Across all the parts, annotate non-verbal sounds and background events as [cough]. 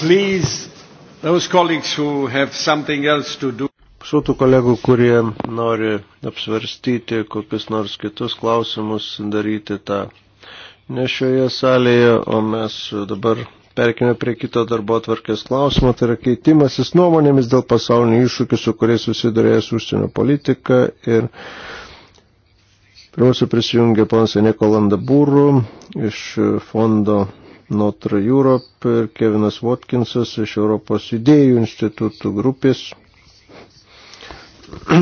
Please, those colleagues who have something else to do. Su tų kolegų, kurie nori apsvarstyti kokius nors kitus klausimus, daryti tą ne šioje salėje, o mes dabar perkime prie kito darbo atvarkės klausimo, tai yra keitimasis nuomonėmis dėl pasaulinių iššūkių, su kuriais susidurėjęs užsienio politika ir prie mūsų prisijungė ponas Nikola Landabūrų iš fondo Notre Europe ir Kevinas Watkinsas iš Europos idėjų institutų grupės. [clears throat]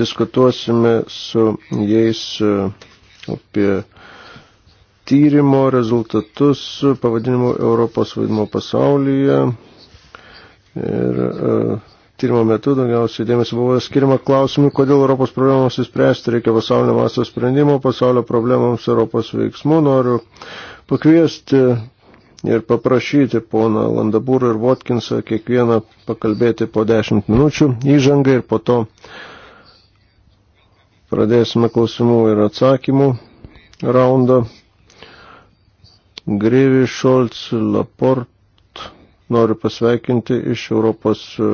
Diskutuosime su jais e, apie tyrimo rezultatus pavadinimu Europos vaidmo pasaulyje. Ir e, tyrimo metu daugiausiai dėmesio buvo skirima klausimui, kodėl Europos problemams įspręsti reikia pasaulio masto sprendimo, pasaulio problemams Europos veiksmų. Noriu pakviesti ir paprašyti poną Landabūrą ir Votkinsą kiekvieną pakalbėti po 10 minučių įžangą ir po to pradėsime klausimų ir atsakymų raundą. Grėvi Šolc Laport noriu pasveikinti iš Europos e,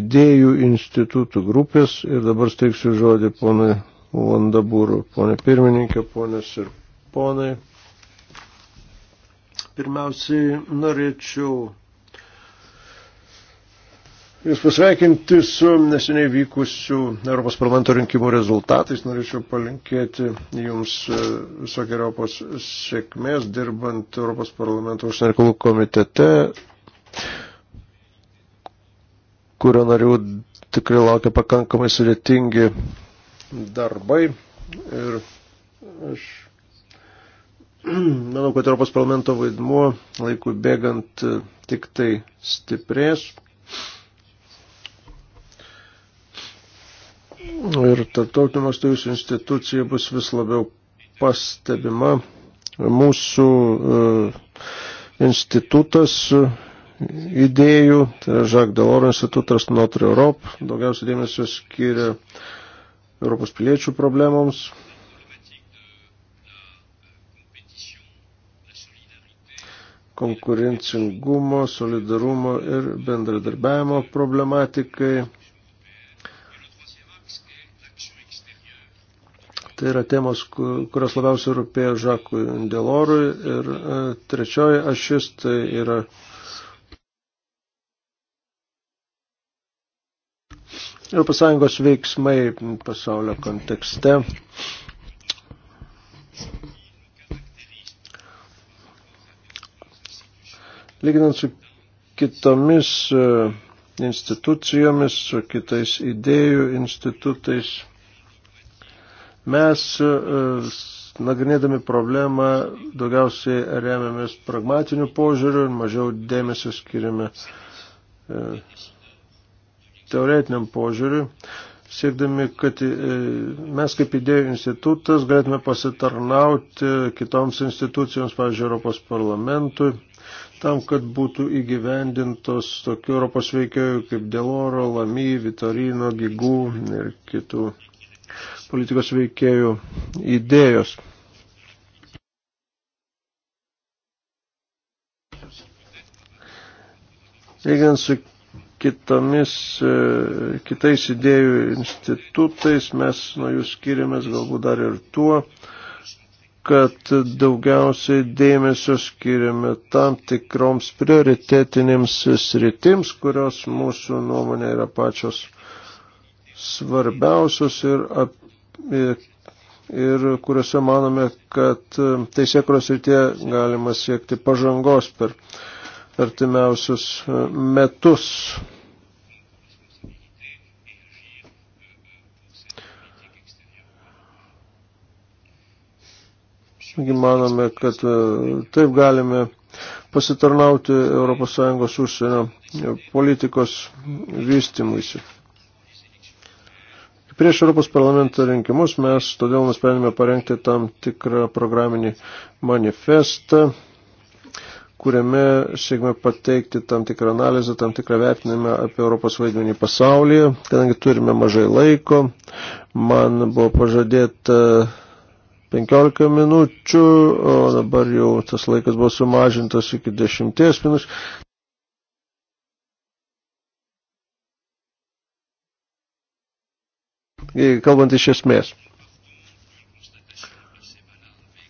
idėjų institutų grupės ir dabar steiksiu žodį ponai Vandabūrų, ponai pirmininkė, ponės ir ponai. Pirmiausiai norėčiau Jūs pasveikinti su neseniai vykusių Europos parlamento rinkimų rezultatais. Norėčiau palinkėti Jums e, visokeriopos sėkmės dirbant Europos parlamento užsienio reikalų komitete, kurio narių tikrai laukia pakankamai sudėtingi darbai. Ir aš Manau, kad Europos parlamento vaidmuo laikų bėgant e, tik tai stiprės. Ir tarptautinio masto jūsų institucija bus vis labiau pastebima. Mūsų e, institutas e, idėjų, tai yra Jacques Delors institutas Notre Europe, daugiausia dėmesio skiria Europos piliečių problemoms, konkurencingumo, solidarumo ir bendradarbiavimo problematikai. Tai yra temos, kurios labiausiai rūpėjo Žakui Delorui. Ir e, trečioji ašis tai yra Europos Sąjungos veiksmai pasaulio kontekste. Lyginant su kitomis e, institucijomis, su kitais idėjų institutais, mes e, nagrinėdami problemą daugiausiai remiamės pragmatiniu požiūriu ir mažiau dėmesio skiriame e, teoretiniam požiūriui, siekdami, kad mes kaip idėjų institutas galėtume pasitarnauti kitoms institucijoms, pavyzdžiui, Europos parlamentui, tam, kad būtų įgyvendintos tokių Europos veikėjų kaip Deloro, Lamy, Vitorino, Gigų ir kitų politikos veikėjų idėjos. Lygiant su kitomis, e, kitais idėjų institutais, mes nuo jų skiriamės galbūt dar ir tuo, kad daugiausiai dėmesio skiriame tam tikroms prioritetinėms sritims, kurios mūsų nuomonė yra pačios svarbiausios ir, ap, ir, ir kuriuose manome, kad teisėkros ir tie galima siekti pažangos per artimiausius metus. Taigi manome, kad e, taip galime pasitarnauti ES užsienio politikos vystimuisi. Prieš Europos parlamento rinkimus mes todėl nusprendėme parengti tam tikrą programinį manifestą, kuriame siekime pateikti tam tikrą analizę, tam tikrą vertinimą apie Europos vaidmenį pasaulyje. Kadangi turime mažai laiko, man buvo pažadėta 15 minučių, o dabar jau tas laikas buvo sumažintas iki 10 minučių. Kalbant iš esmės.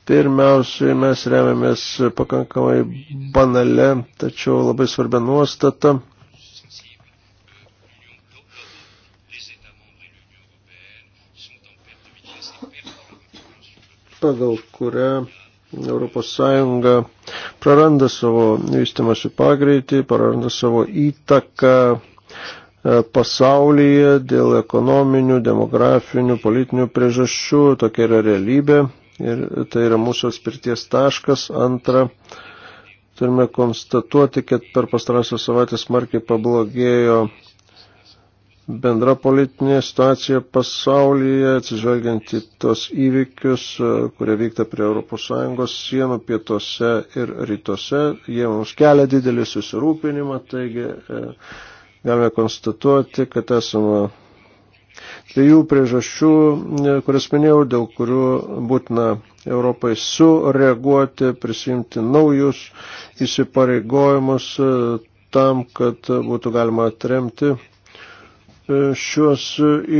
Pirmiausiai mes remiamės pakankamai banale, tačiau labai svarbia nuostata pagal kurią ES praranda savo vystimasi pagreitį, praranda savo įtaką e, pasaulyje dėl ekonominių, demografinių, politinių priežasčių. Tokia yra realybė ir tai yra mūsų atspirties taškas. Antra, turime konstatuoti, kad per pastarąsią savaitę smarkiai pablogėjo bendra politinė situacija pasaulyje, atsižvelgiant į tos įvykius, e, kurie vyksta prie ES sienų pietuose ir rytuose. Jie mums kelia didelį susirūpinimą, taigi e, galime konstatuoti, kad esame dviejų priežasčių, e, kurias minėjau, dėl kurių būtina Europai sureaguoti, prisimti naujus įsipareigojimus tam, kad būtų galima atremti E, šiuos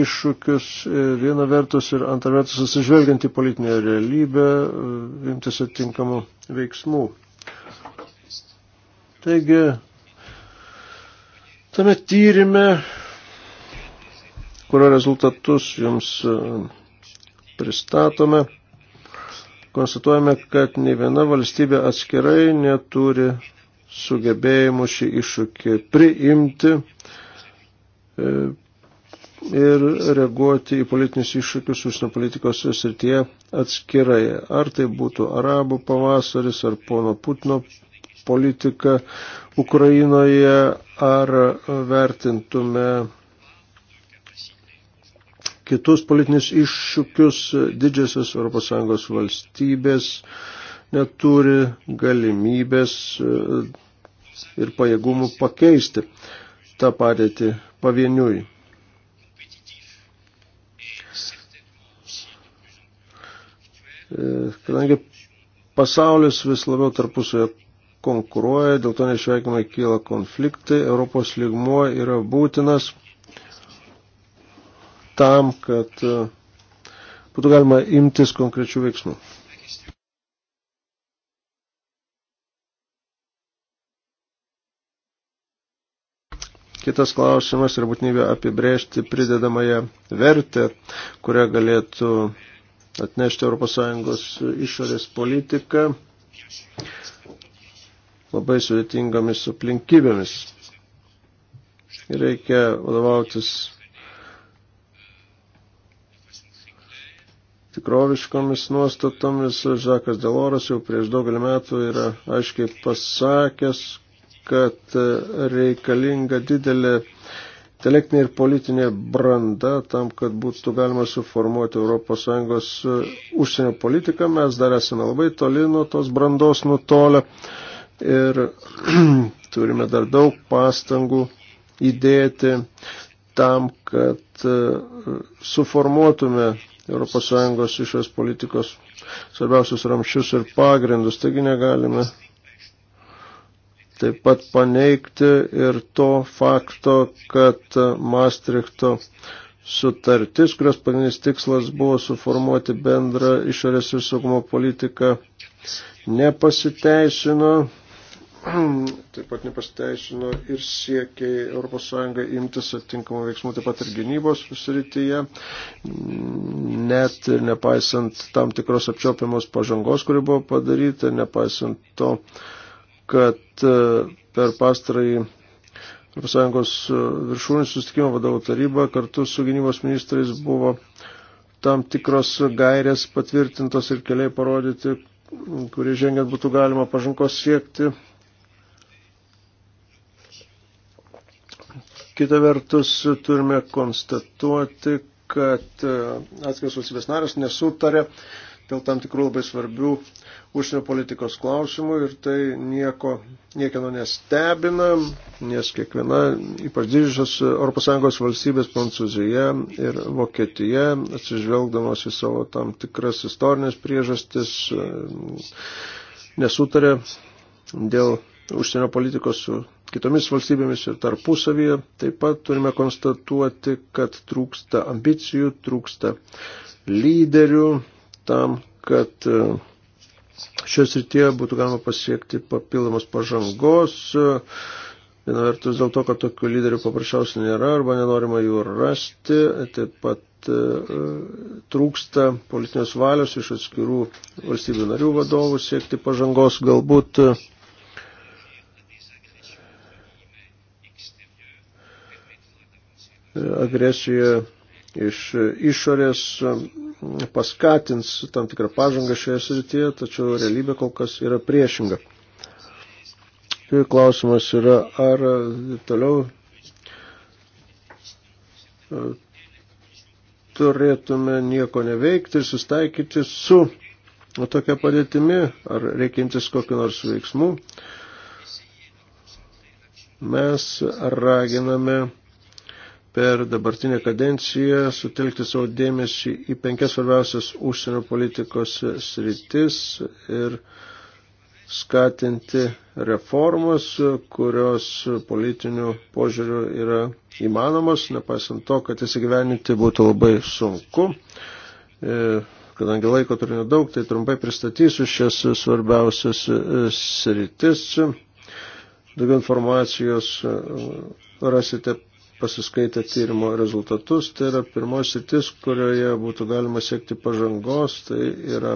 iššūkius e, viena vertus ir antra vertus atsižvelgiant į politinę realybę, e, imtis atinkamų veiksmų. Taigi, tame tyrimė, kurio rezultatus jums pristatome, konstatuojame, kad ne viena valstybė atskirai neturi sugebėjimų šį iššūkį priimti E, ir reaguoti į politinius iššūkius užsienio politikos srityje atskirai. Ar tai būtų arabų pavasaris, ar pono Putino politika Ukrainoje, ar vertintume kitus politinius iššūkius didžiasios ES valstybės neturi galimybės e, ir pajėgumų pakeisti tą padėtį pavieniui. Kadangi pasaulis vis labiau tarpusoje konkuruoja, dėl to neišveikiamai kyla konfliktai, Europos lygmuo yra būtinas tam, kad būtų galima imtis konkrečių veiksmų. Kitas klausimas yra būtinybė apibrėžti pridedamąją vertę, kurią galėtų atnešti ES išorės politiką labai sudėtingomis aplinkybėmis. Reikia vadovautis tikroviškomis nuostatomis. Žakas Deloras jau prieš daugelį metų yra aiškiai pasakęs, kad e, reikalinga didelė intelektinė ir politinė branda tam, kad būtų galima suformuoti ES e, užsienio politiką. Mes dar esame labai toli nuo tos brandos nutolę ir [clears throat] turime dar daug pastangų įdėti tam, kad e, suformuotume ES šios politikos svarbiausius ramščius ir pagrindus. Taigi negalime taip pat paneigti ir to fakto, kad Maastrichto sutartis, kurios pagrindinis tikslas buvo suformuoti bendrą išorės ir saugumo politiką, nepasiteisino. Taip pat nepasiteisino ir siekiai ES imtis atitinkamų veiksmų, taip pat ir gynybos srityje, net ir nepaisant tam tikros apčiopiamos pažangos, kuri buvo padaryta, nepaisant to, uh, kad e, per pastarąjį ES e, viršūnį sustikimą vadovų taryba kartu su gynybos ministrais buvo tam tikros gairės patvirtintos ir keliai parodyti, kurį žengiant būtų galima pažangos siekti. Kita vertus, turime konstatuoti, kad e, atskiros valstybės narės nesutarė dėl tam tikrų labai svarbių užsienio politikos klausimų ir tai nieko, niekieno nestebina, nes kiekviena, ypač didžiosios ES valstybės Prancūzija ir Vokietija, atsižvelgdamas į savo tam tikras istorinės priežastis, nesutarė dėl užsienio politikos su kitomis valstybėmis ir tarpusavyje. Taip pat turime konstatuoti, kad trūksta ambicijų, trūksta lyderių, tam, kad e, šios rytie būtų galima pasiekti papildomos pažangos. E, viena vertus dėl to, kad tokių lyderių paprasčiausiai nėra arba nenorima jų rasti, taip pat e, trūksta politinės valios iš atskirų valstybių narių vadovų siekti pažangos. Galbūt agresija iš išorės e, paskatins tam tikrą pažangą šioje srityje, tačiau realybė kol kas yra priešinga. Ir e, klausimas yra, ar e, toliau turėtume nieko neveikti ir sustaikyti su tokia padėtimi, ar reikintis kokiu nors veiksmu. Mes raginame per dabartinę kadenciją sutelkti savo dėmesį į penkias svarbiausias užsienio politikos sritis ir skatinti reformas, kurios politinių požiūrių yra įmanomos, nepaisant to, kad įsigyveninti būtų labai sunku. E, kadangi laiko turime daug, tai trumpai pristatysiu šias svarbiausias e, sritis. Daugiau informacijos e, rasite pasiskaitę tyrimo rezultatus. Tai yra pirmoji sritis, kurioje būtų galima siekti pažangos, tai yra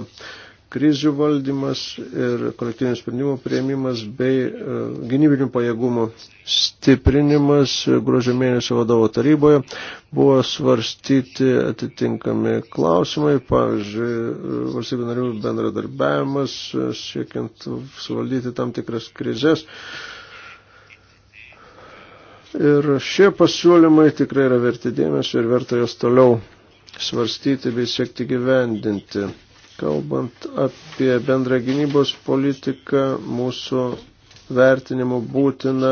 krizių valdymas ir kolektyvinių sprendimų prieimimas bei e, gynybinių pajėgumų stiprinimas. Gruožio mėnesio vadovo taryboje buvo svarstyti atitinkami klausimai, pavyzdžiui, e, valstybių narių bendradarbiavimas, e, siekiant suvaldyti tam tikras krizės Ir šie pasiūlymai tikrai yra verti dėmesio ir verta jos toliau svarstyti bei siekti gyvendinti. Kalbant apie bendrą gynybos politiką, mūsų vertinimu būtina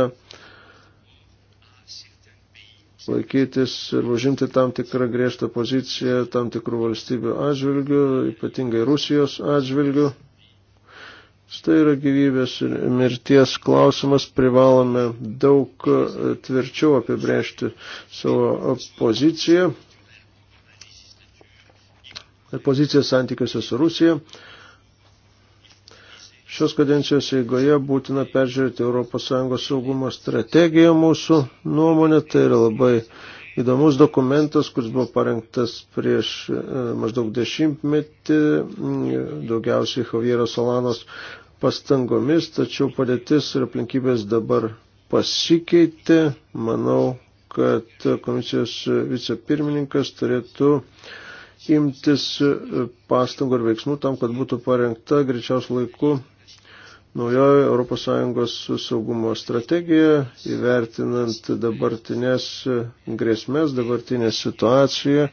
laikytis ir užimti tam tikrą griežtą poziciją tam tikrų valstybių atžvilgių, ypatingai Rusijos atžvilgių. Tai yra gyvybės ir mirties klausimas, privalome daug e, tvirčiau apibrėžti savo poziciją, poziciją santykiuose su Rusija. Šios kadencijos eigoje būtina peržiūrėti ES saugumo strategiją mūsų nuomonė, tai yra labai įdomus dokumentas, kuris buvo parengtas prieš e, maždaug dešimtmetį, daugiausiai Javiero Solanos pastangomis, tačiau padėtis ir aplinkybės dabar pasikeitė. Manau, kad komisijos vicepirmininkas turėtų imtis pastangų ir veiksmų tam, kad būtų parengta greičiausiu laiku naujoji ES saugumo strategija, įvertinant dabartinės grėsmės, dabartinę situaciją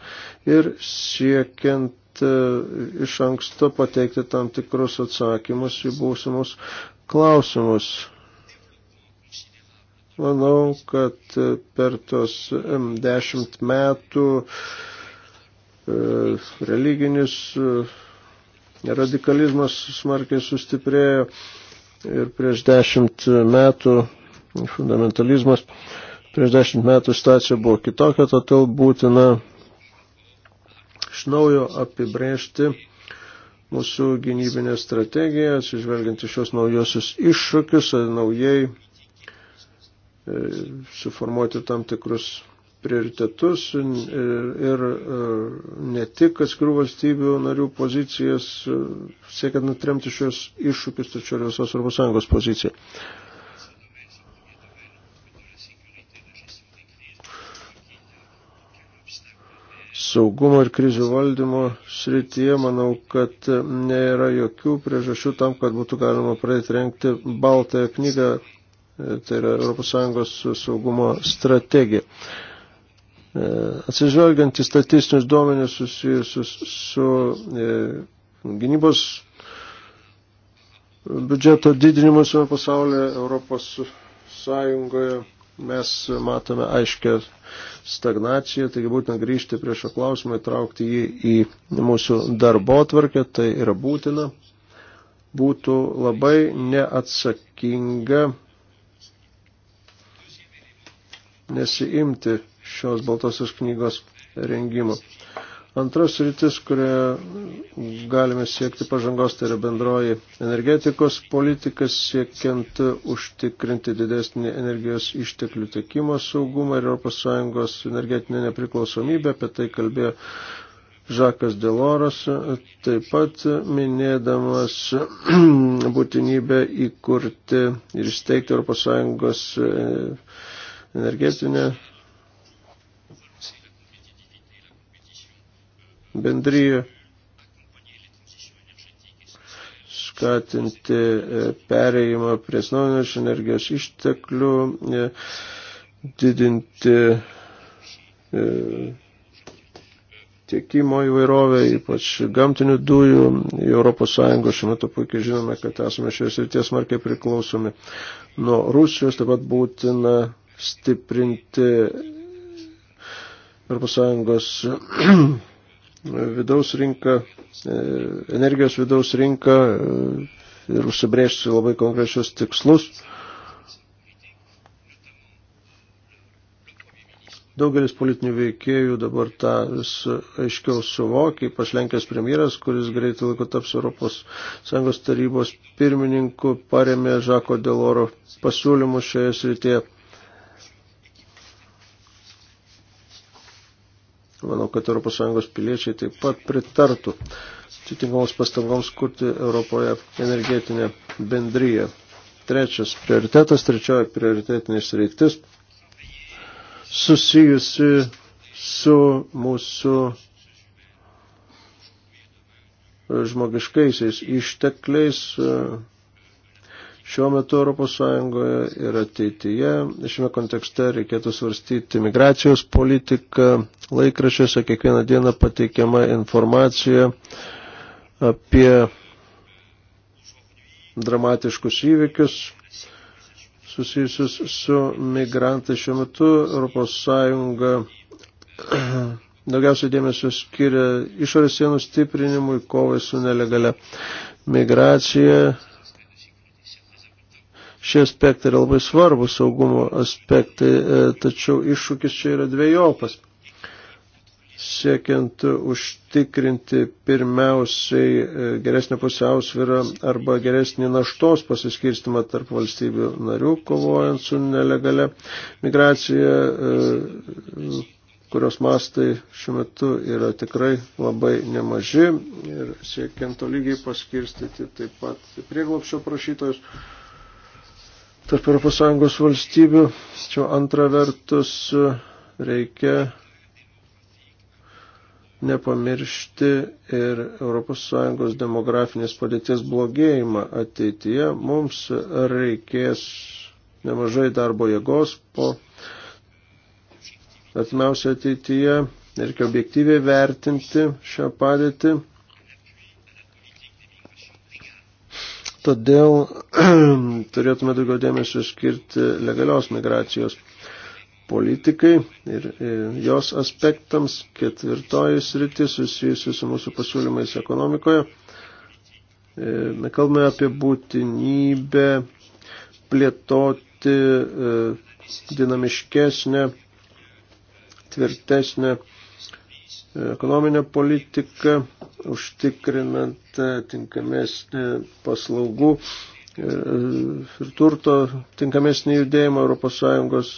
ir siekiant E, iš anksto pateikti tam tikrus atsakymus į būsimus klausimus. Manau, kad per tos dešimt metų e, religinis e, radikalizmas smarkiai sustiprėjo ir prieš dešimt metų fundamentalizmas prieš dešimt metų stacija buvo kitokia, todėl būtina iš naujo apibrėžti mūsų gynybinę strategiją, atsižvelgiant į šios naujosius iššūkius, naujai e, suformuoti tam tikrus prioritetus e, ir, ir e, ne tik atskirų valstybių narių pozicijas, siekiant nutremti šios iššūkius, tačiau ir visos Europos Sąjungos poziciją. saugumo ir krizių valdymo srityje, manau, kad nėra jokių priežasčių tam, kad būtų galima pradėti renkti baltąją knygą, tai yra ES saugumo strategija. E, atsižvelgiant į statistinius duomenis susijusius su e, gynybos biudžeto didinimu visame pasaulyje, Europos Sąjungoje mes matome aiškę stagnaciją, taigi būtina grįžti prie šio klausimo, įtraukti jį į mūsų darbo tvarkę, tai yra būtina. Būtų labai neatsakinga nesiimti šios baltosios knygos rengimo. Antras rytis, kurioje galime siekti pažangos, tai yra bendroji energetikos politikas, siekiant užtikrinti didesnį energijos išteklių tiekimo saugumą ir ES energetinę nepriklausomybę, apie tai kalbėjo Žakas Deloras, taip pat minėdamas [clears throat] būtinybę įkurti ir įsteigti ES e, energetinę bendryje skatinti e, pereimą prie atsinaujinančių energijos išteklių, e, didinti e, tiekimo įvairovę, ypač gamtinių dujų. Į ES šiuo metu puikiai žinome, kad esame šioje srityje smarkiai priklausomi nuo Rusijos, taip pat būtina stiprinti ES [clears throat] vidaus rinką, e, energijos vidaus rinką e, ir užsibrėžti labai konkrečius tikslus. Daugelis politinių veikėjų dabar tą aiškiau suvokia, ypač Lenkijos premjeras, kuris greitai laiko taps Europos Sąjungos tarybos pirmininku, paremė Žako Deloro pasiūlymus šioje srityje. Manau, kad ES piliečiai taip pat pritartų atitinkamoms pastangoms kurti Europoje energetinę bendryją. Trečias prioritetas, trečioji prioritetinė sritis susijusi su mūsų žmogiškaisiais ištekliais, šiuo metu Europos Sąjungoje ir ateityje. Šiame kontekste reikėtų svarstyti migracijos politiką. Laikrašiuose kiekvieną dieną pateikiama informacija apie dramatiškus įvykius susijusius su migrantai. Šiuo metu Europos Sąjunga [clears throat] daugiausiai dėmesio skiria išorės sienų stiprinimui, kovai su nelegale migracija Šie aspektai yra labai svarbus saugumo aspektai, e, tačiau iššūkis čia yra dviejopas. Siekiant užtikrinti pirmiausiai e, geresnę pusiausvyrą arba geresnį naštos pasiskirstimą tarp valstybių narių, kovojant su nelegale migracija, e, kurios mastai šiuo metu yra tikrai labai nemaži ir siekiant lygiai paskirstyti taip pat prieglopšio prašytojus tarp ES valstybių, tačiau antra vertus reikia nepamiršti ir ES demografinės padėties blogėjimą ateityje. Mums reikės nemažai darbo jėgos po atmiausio ateityje. Reikia objektyviai vertinti šią padėtį. Todėl [clears throat] turėtume daugiau dėmesio skirti legalios migracijos politikai ir e, jos aspektams ketvirtoji sritis susijusi su mūsų pasiūlymais ekonomikoje. E, kalbame apie būtinybę plėtoti e, dinamiškesnę, tvirtesnę ekonominę politiką, užtikrinant e, tinkamesnį paslaugų e, ir turto tinkamesnį judėjimą ES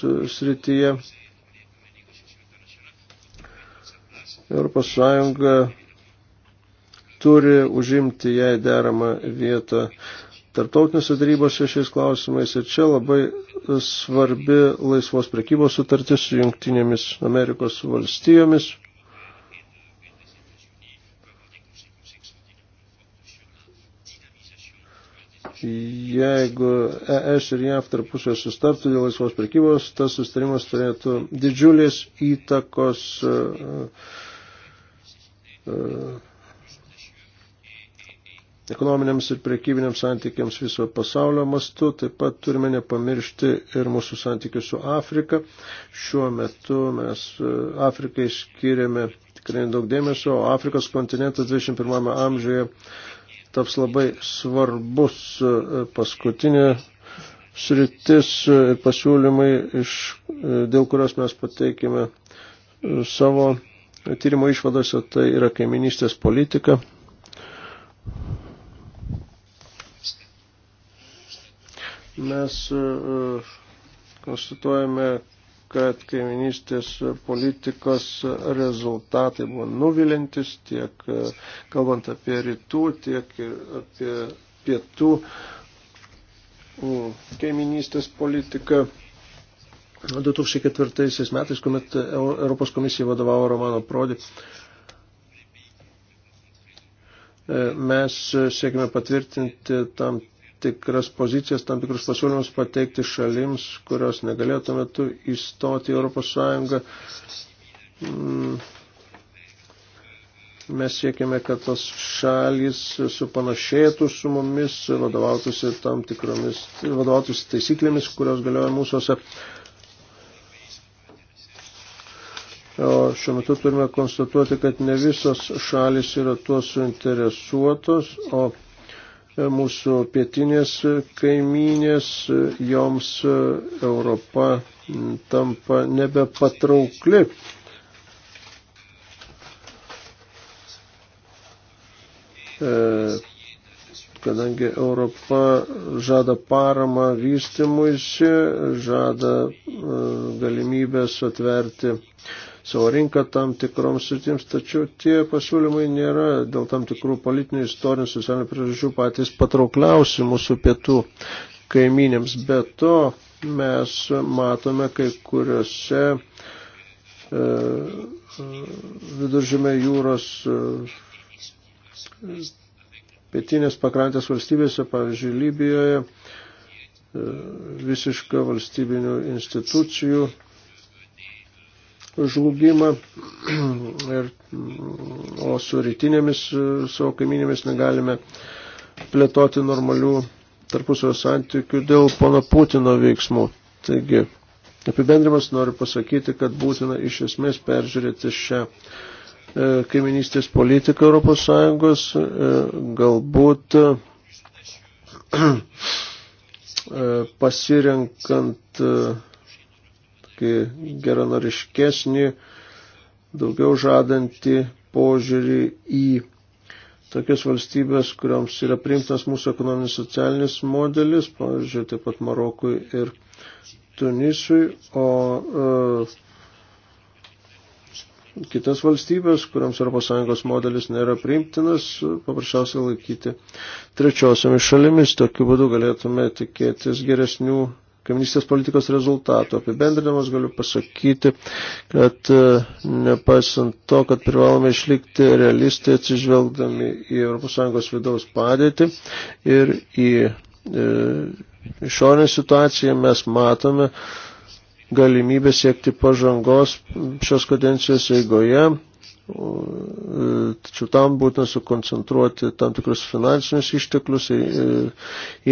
e, srityje. ES turi užimti jai deramą vietą tarptautinėse darybose šiais klausimais ir čia labai svarbi laisvos prekybos sutartis su Junktinėmis Amerikos valstijomis. jeigu ES ir JAV tarpusio sustartų dėl laisvos prekybos, tas sustarimas turėtų didžiulės įtakos e, e, ekonominiams ir prekybiniams santykiams viso pasaulio mastu. Taip pat turime nepamiršti ir mūsų santykių su Afrika. Šiuo metu mes e, Afrikai skiriame tikrai daug dėmesio, o Afrikos kontinentas 21 amžiuje taps labai svarbus e, paskutinė sritis ir e, pasiūlymai, iš, e, dėl kurios mes pateikime savo tyrimo išvadose, tai yra kaiminystės politika. Mes konstatuojame, kad kaiminystės politikos rezultatai buvo nuvilintis tiek e, kalbant apie rytų, tiek ir apie pietų mm, kaiminystės politiką. 2004 metais, kuomet Europos komisija vadovavo Romano Prodi, e, mes siekime patvirtinti tam tikras pozicijas, tam tikrus pasiūlymus pateikti šalims, kurios negalėjo tuo metu įstoti į Europos Sąjungą. Mm. Mes siekime, kad tos šalys supanašėtų su mumis, vadovautųsi tam tikromis, vadovautųsi taisyklėmis, kurios galioja mūsųse. O šiuo metu turime konstatuoti, kad ne visos šalis yra tuo suinteresuotos, o mūsų pietinės kaimynės, joms Europa tampa nebepatraukli. E, kadangi Europa žada paramą vystimuisi, žada e, galimybės atverti uh, savo rinką tam tikroms sritims, tačiau tie pasiūlymai nėra dėl tam tikrų politinių, istorinių, socialinių priežasčių patys patraukliausi mūsų pietų kaiminėms. Be to mes matome kai kuriuose e, viduržėme jūros e, pietinės pakrantės valstybėse, pavyzdžiui, Libijoje, e, visišką valstybinių institucijų žlugimą, ir, o su rytinėmis e, savo kaiminėmis negalime plėtoti normalių tarpusio santykių dėl pono Putino veiksmų. Taigi, apibendrimas noriu pasakyti, kad būtina iš esmės peržiūrėti šią e, kaiminystės politiką Europos Sąjungos, e, galbūt [clears throat] pasirenkant tokį geranoriškesnį, daugiau žadantį požiūrį į tokias valstybės, kuriams yra primtas mūsų ekonominis socialinis modelis, pavyzdžiui, taip pat Marokui ir Tunisui, o e, kitas valstybės, kuriams ES modelis nėra priimtinas, paprasčiausiai laikyti trečiosiamis šalimis. Tokiu būdu galėtume tikėtis geresnių kaiminystės politikos rezultatų. Apibendrinamas galiu pasakyti, kad e, nepaisant to, kad privalome išlikti realistai atsižvelgdami į ES vidaus padėtį ir į e, išorinę situaciją, mes matome galimybę siekti pažangos šios kadencijos eigoje. E, tačiau tam būtina sukoncentruoti tam tikrus finansinius išteklius ir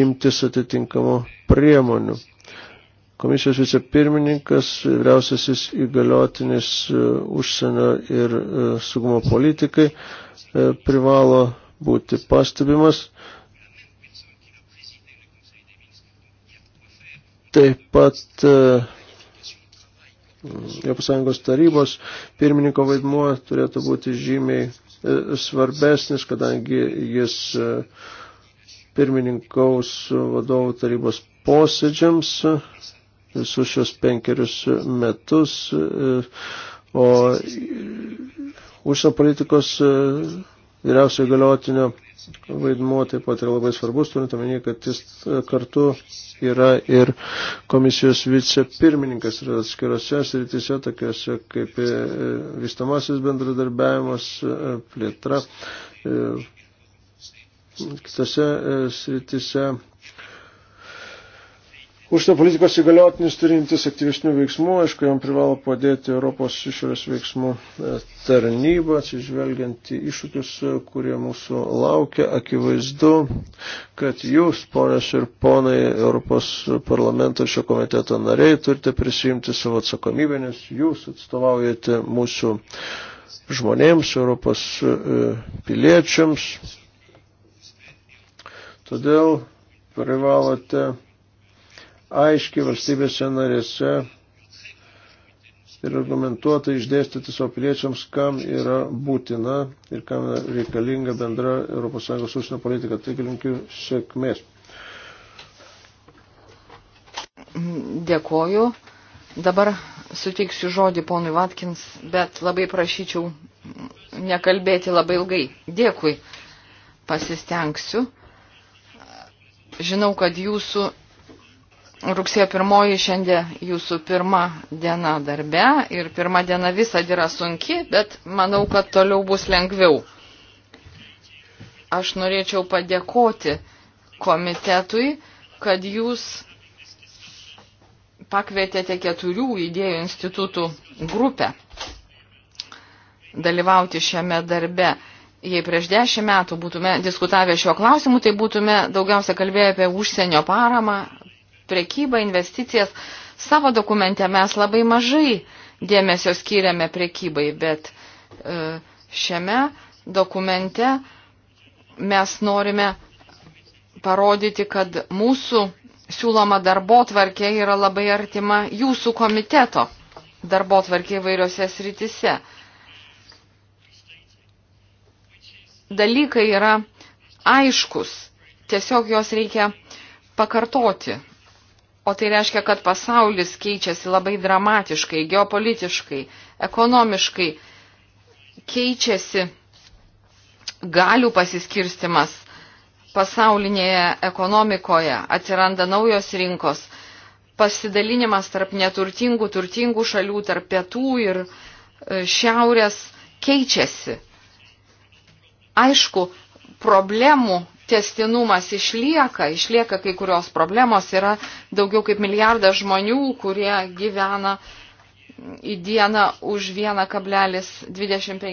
imtis atitinkamų priemonių komisijos vicepirmininkas, vyriausiasis įgaliotinis e, užsienio ir e, saugumo politikai e, privalo būti pastebimas. Taip pat ES tarybos pirmininko vaidmuo turėtų būti žymiai svarbesnis, kadangi jis pirmininkaus vadovų tarybos posėdžiams visus šios penkerius metus, e, o užsienio politikos e, vyriausio galiotinio vaidmuo taip pat yra labai svarbus, turint omenyje, kad jis e, kartu yra ir komisijos vicepirmininkas ir atskirose srityse, tokiuose kaip vystamasis bendradarbiavimas, plėtra, kitose srityse užsienio politikos įgaliotinis turintis aktyvesnių veiksmų, aišku, jam privalo padėti Europos išorės veiksmų e, tarnybą, atsižvelgiant į iššūkius, e, kurie mūsų laukia. Akivaizdu, kad jūs, ponės ir ponai, Europos parlamento šio komiteto nariai, turite prisijimti savo atsakomybę, nes jūs atstovaujate mūsų žmonėms, Europos e, piliečiams. Todėl privalote aiškiai valstybėse narėse ir argumentuotai išdėstyti savo piliečiams, kam yra būtina ir kam reikalinga bendra ES užsienio politika. Taigi linkiu sėkmės. Dėkoju. Dabar suteiksiu žodį ponui Vatkins, bet labai prašyčiau nekalbėti labai ilgai. Dėkui. Pasistengsiu. Žinau, kad jūsų rugsėjo pirmoji šiandien jūsų pirma diena darbe ir pirma diena visą yra sunki, bet manau, kad toliau bus lengviau. Aš norėčiau padėkoti komitetui, kad jūs pakvietėte keturių idėjų institutų grupę dalyvauti šiame darbe. Jei prieš dešimt metų būtume diskutavę šio klausimu, tai būtume daugiausia kalbėję apie užsienio paramą, prekybą, investicijas. Savo dokumente mes labai mažai dėmesio skiriame prekybai, bet e, šiame dokumente mes norime parodyti, kad mūsų siūloma darbo tvarkė yra labai artima jūsų komiteto darbo tvarkė įvairiose sritise. Dalykai yra aiškus, tiesiog juos reikia pakartoti. O tai reiškia, kad pasaulis keičiasi labai dramatiškai, geopolitiškai, ekonomiškai, keičiasi galių pasiskirstimas pasaulinėje ekonomikoje, atsiranda naujos rinkos, pasidalinimas tarp neturtingų, turtingų šalių, tarp pietų ir e, šiaurės keičiasi. Aišku, problemų testinumas išlieka, išlieka kai kurios problemos, yra daugiau kaip milijardas žmonių, kurie gyvena į dieną už 1,25 e,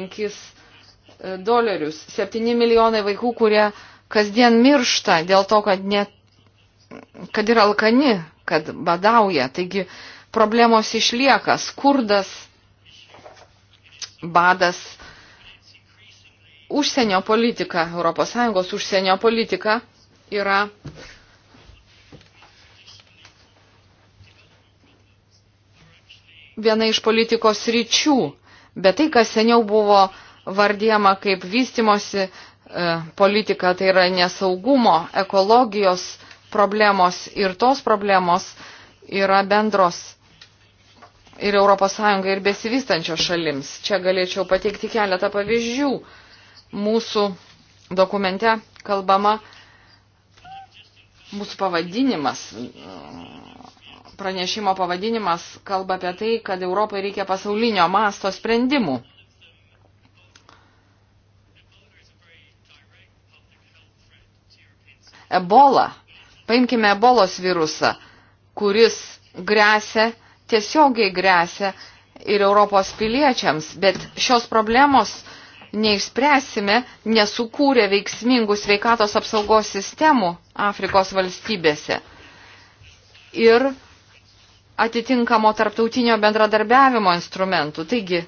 dolerius. 7 milijonai vaikų, kurie kasdien miršta dėl to, kad, ne, kad yra alkani, kad badauja. Taigi problemos išlieka, skurdas, badas užsienio politika, ES užsienio politika yra viena iš politikos ryčių, bet tai, kas seniau buvo vardyjama kaip vystimosi e, politika, tai yra nesaugumo, ekologijos problemos ir tos problemos yra bendros ir ES ir besivystančios šalims. Čia galėčiau pateikti keletą pavyzdžių mūsų dokumente kalbama mūsų pavadinimas, pranešimo pavadinimas kalba apie tai, kad Europai reikia pasaulinio masto sprendimų. Ebola. Paimkime ebolos virusą, kuris grėsia, tiesiogiai grėsia ir Europos piliečiams, bet šios problemos uh, neišspręsime, nesukūrė veiksmingų sveikatos apsaugos sistemų Afrikos valstybėse ir atitinkamo tarptautinio bendradarbiavimo instrumentų. Taigi,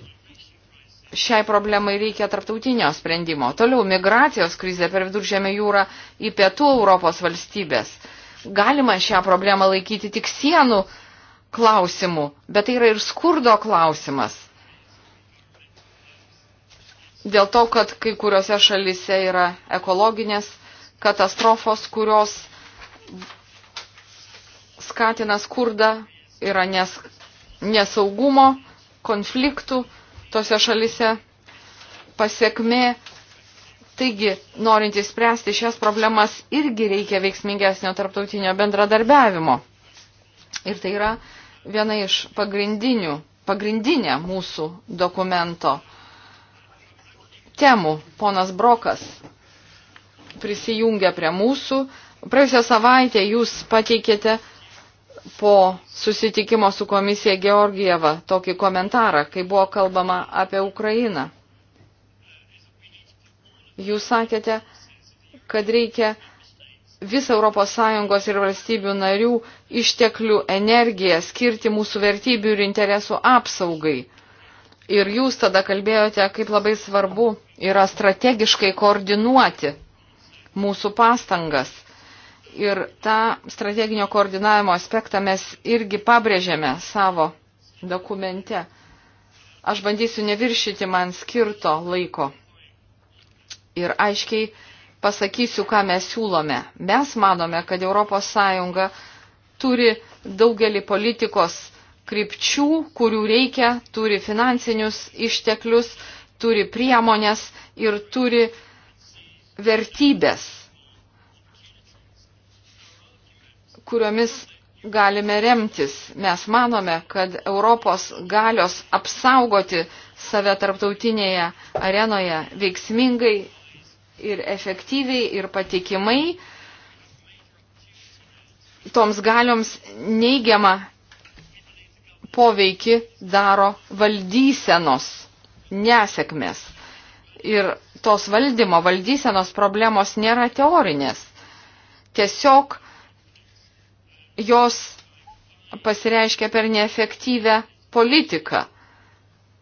šiai problemai reikia tarptautinio sprendimo. Toliau, migracijos krizė per viduržėmę jūrą į pietų Europos valstybės. Galima šią problemą laikyti tik sienų klausimų, bet tai yra ir skurdo klausimas – dėl to, kad kai kuriuose šalise yra ekologinės katastrofos, kurios skatina skurdą, yra nes, nesaugumo, konfliktų tose šalise pasiekmė. Taigi, norint įspręsti šias problemas, irgi reikia veiksmingesnio tarptautinio bendradarbiavimo. Ir tai yra viena iš pagrindinių, pagrindinė mūsų dokumento temų. Ponas Brokas prisijungia prie mūsų. Praėjusią savaitę jūs pateikėte po susitikimo su komisija Georgieva tokį komentarą, kai buvo kalbama apie Ukrainą. Jūs sakėte, kad reikia visą ES ir valstybių narių išteklių energiją skirti mūsų vertybių ir interesų apsaugai. Ir jūs tada kalbėjote, kaip labai svarbu yra strategiškai koordinuoti mūsų pastangas. Ir tą strateginio koordinavimo aspektą mes irgi pabrėžėme savo dokumente. Aš bandysiu neviršyti man skirto laiko ir aiškiai pasakysiu, ką mes siūlome. Mes manome, kad ES turi daugelį politikos krypčių, kurių reikia, turi finansinius išteklius, turi priemonės ir turi vertybės, kuriomis galime remtis. Mes manome, kad Europos galios apsaugoti save tarptautinėje arenoje veiksmingai ir efektyviai ir patikimai toms galioms neigiama poveikį daro valdysenos nesėkmės. Ir tos valdymo, valdysenos problemos nėra teorinės. Tiesiog jos pasireiškia per neefektyvę politiką.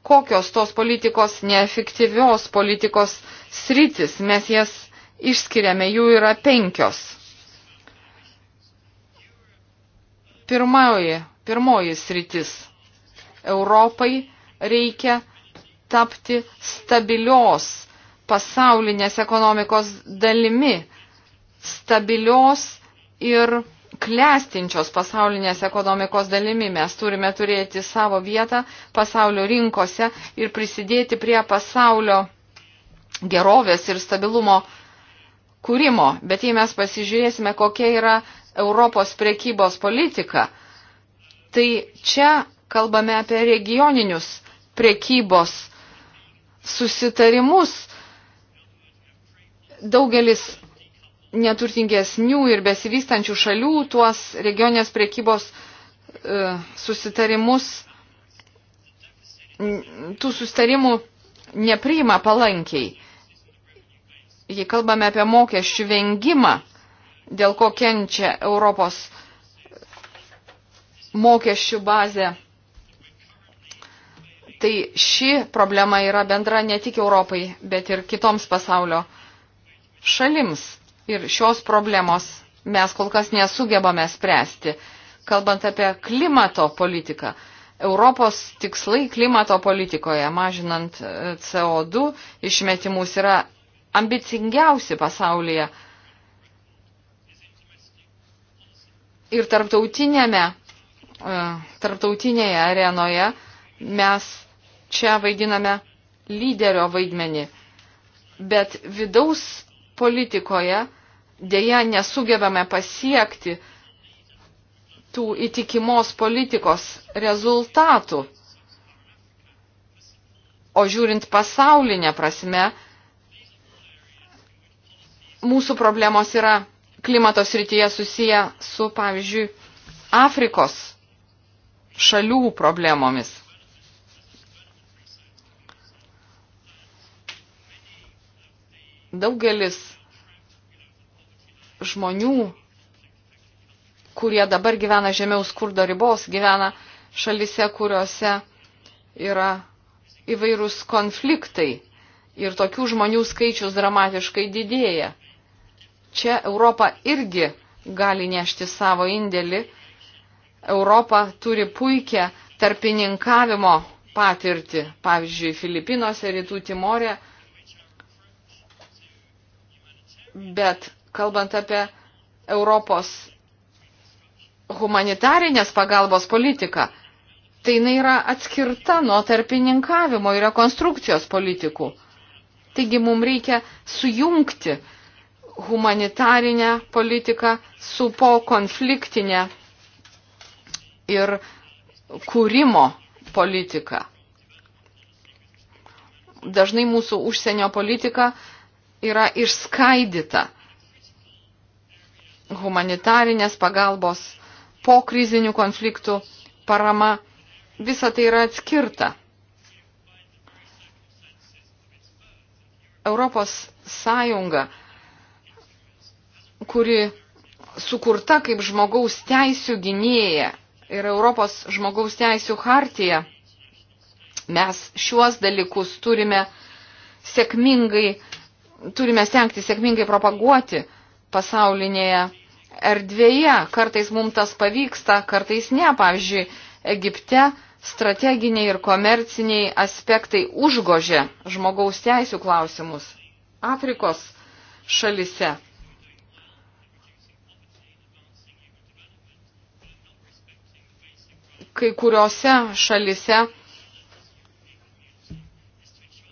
Kokios tos politikos neefektyvios politikos sritis, mes jas išskiriame, jų yra penkios. Pirmauji Pirmoji sritis. Europai reikia tapti stabilios pasaulinės ekonomikos dalimi, stabilios ir klestinčios pasaulinės ekonomikos dalimi. Mes turime turėti savo vietą pasaulio rinkose ir prisidėti prie pasaulio gerovės ir stabilumo kūrimo. Bet jei mes pasižiūrėsime, kokia yra Europos prekybos politika, Tai čia kalbame apie regioninius prekybos susitarimus. Daugelis neturtingesnių ir besivystančių šalių tuos regionės prekybos e, susitarimus, tų susitarimų nepriima palankiai. Jei kalbame apie mokesčių vengimą, dėl ko kenčia Europos mokesčių bazę. Tai ši problema yra bendra ne tik Europai, bet ir kitoms pasaulio šalims. Ir šios problemos mes kol kas nesugebame spręsti. Kalbant apie klimato politiką, Europos tikslai klimato politikoje, mažinant e, CO2 išmetimus, yra ambicingiausi pasaulyje. Ir tarptautinėme E, tarptautinėje arenoje mes čia vaidiname lyderio vaidmenį, bet vidaus politikoje dėja nesugebame pasiekti tų įtikimos politikos rezultatų. O žiūrint pasaulinę prasme, mūsų problemos yra klimatos rytyje susiję su, pavyzdžiui, Afrikos šalių problemomis. Daugelis žmonių, kurie dabar gyvena žemiau skurdo ribos, gyvena šalise, kuriuose yra įvairūs konfliktai ir tokių žmonių skaičius dramatiškai didėja. Čia Europa irgi gali nešti savo indėlį, Europa turi puikią tarpininkavimo patirtį, pavyzdžiui, Filipinose, Rytų Timorė, bet kalbant apie Europos humanitarinės pagalbos politiką, tai jinai yra atskirta nuo tarpininkavimo ir rekonstrukcijos politikų. Taigi mums reikia sujungti humanitarinę politiką su po konfliktinę ir kūrimo politiką. Dažnai mūsų užsienio politika yra išskaidyta humanitarinės pagalbos, po krizinių konfliktų parama, visa tai yra atskirta. Europos Sąjunga, kuri sukurta kaip žmogaus teisių gynėja, ir Europos žmogaus teisų hartija. Mes šiuos dalykus turime sėkmingai, turime stengti sėkmingai propaguoti pasaulinėje erdvėje. Kartais mums tas pavyksta, kartais ne. Pavyzdžiui, Egipte strateginiai ir komerciniai aspektai užgožė žmogaus teisų klausimus Afrikos šalise. kai kuriuose šalise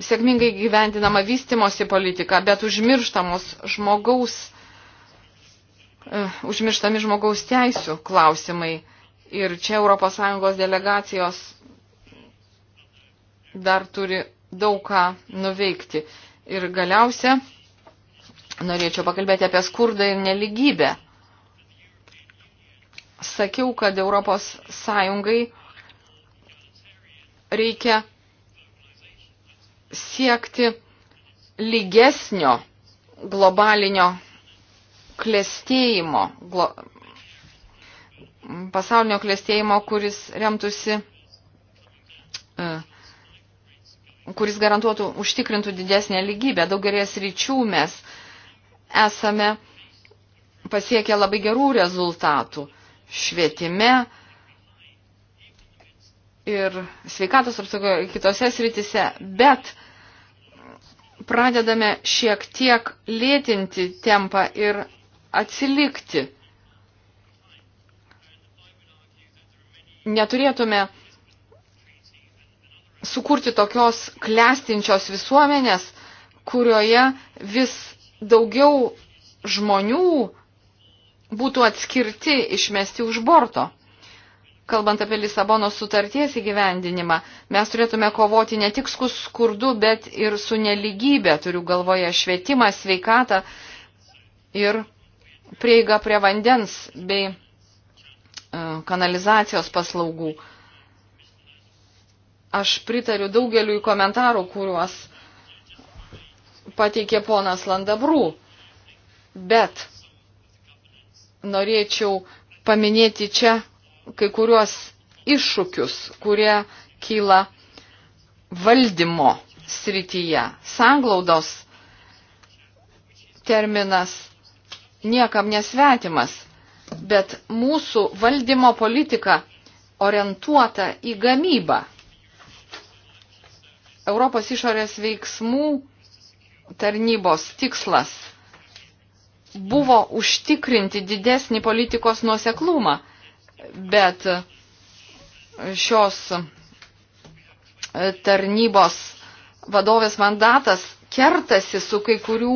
sėkmingai gyvendinama vystimosi politika, bet užmirštamos žmogaus, e, užmirštami žmogaus teisų klausimai. Ir čia ES delegacijos dar turi daug ką nuveikti. Ir galiausia, norėčiau pakalbėti apie skurdą ir neligybę sakiau, kad Europos Sąjungai reikia siekti lygesnio globalinio klėstėjimo, glo, pasaulinio klėstėjimo, kuris remtųsi, e, kuris garantuotų, užtikrintų didesnę lygybę. Daugelės ryčių mes esame pasiekę labai gerų rezultatų švietime ir sveikatos apsaugoje kitose sritise, bet pradedame šiek tiek lėtinti tempą ir atsilikti. Neturėtume sukurti tokios klestinčios visuomenės, kurioje vis daugiau žmonių būtų atskirti, išmesti už borto. Kalbant apie Lisabono sutarties įgyvendinimą, mes turėtume kovoti ne tik su skurdu, bet ir su neligybė, turiu galvoje švietimą, sveikatą ir prieigą prie vandens bei e, kanalizacijos paslaugų. Aš pritariu daugeliu komentarų, kuriuos pateikė ponas Landabrų, bet norėčiau paminėti čia kai kuriuos iššūkius, kurie kyla valdymo srityje. Sanglaudos terminas niekam nesvetimas, bet mūsų valdymo politika orientuota į gamybą. Europos išorės veiksmų tarnybos tikslas buvo užtikrinti didesnį politikos nuoseklumą, bet šios e, tarnybos vadovės mandatas kertasi su kai kurių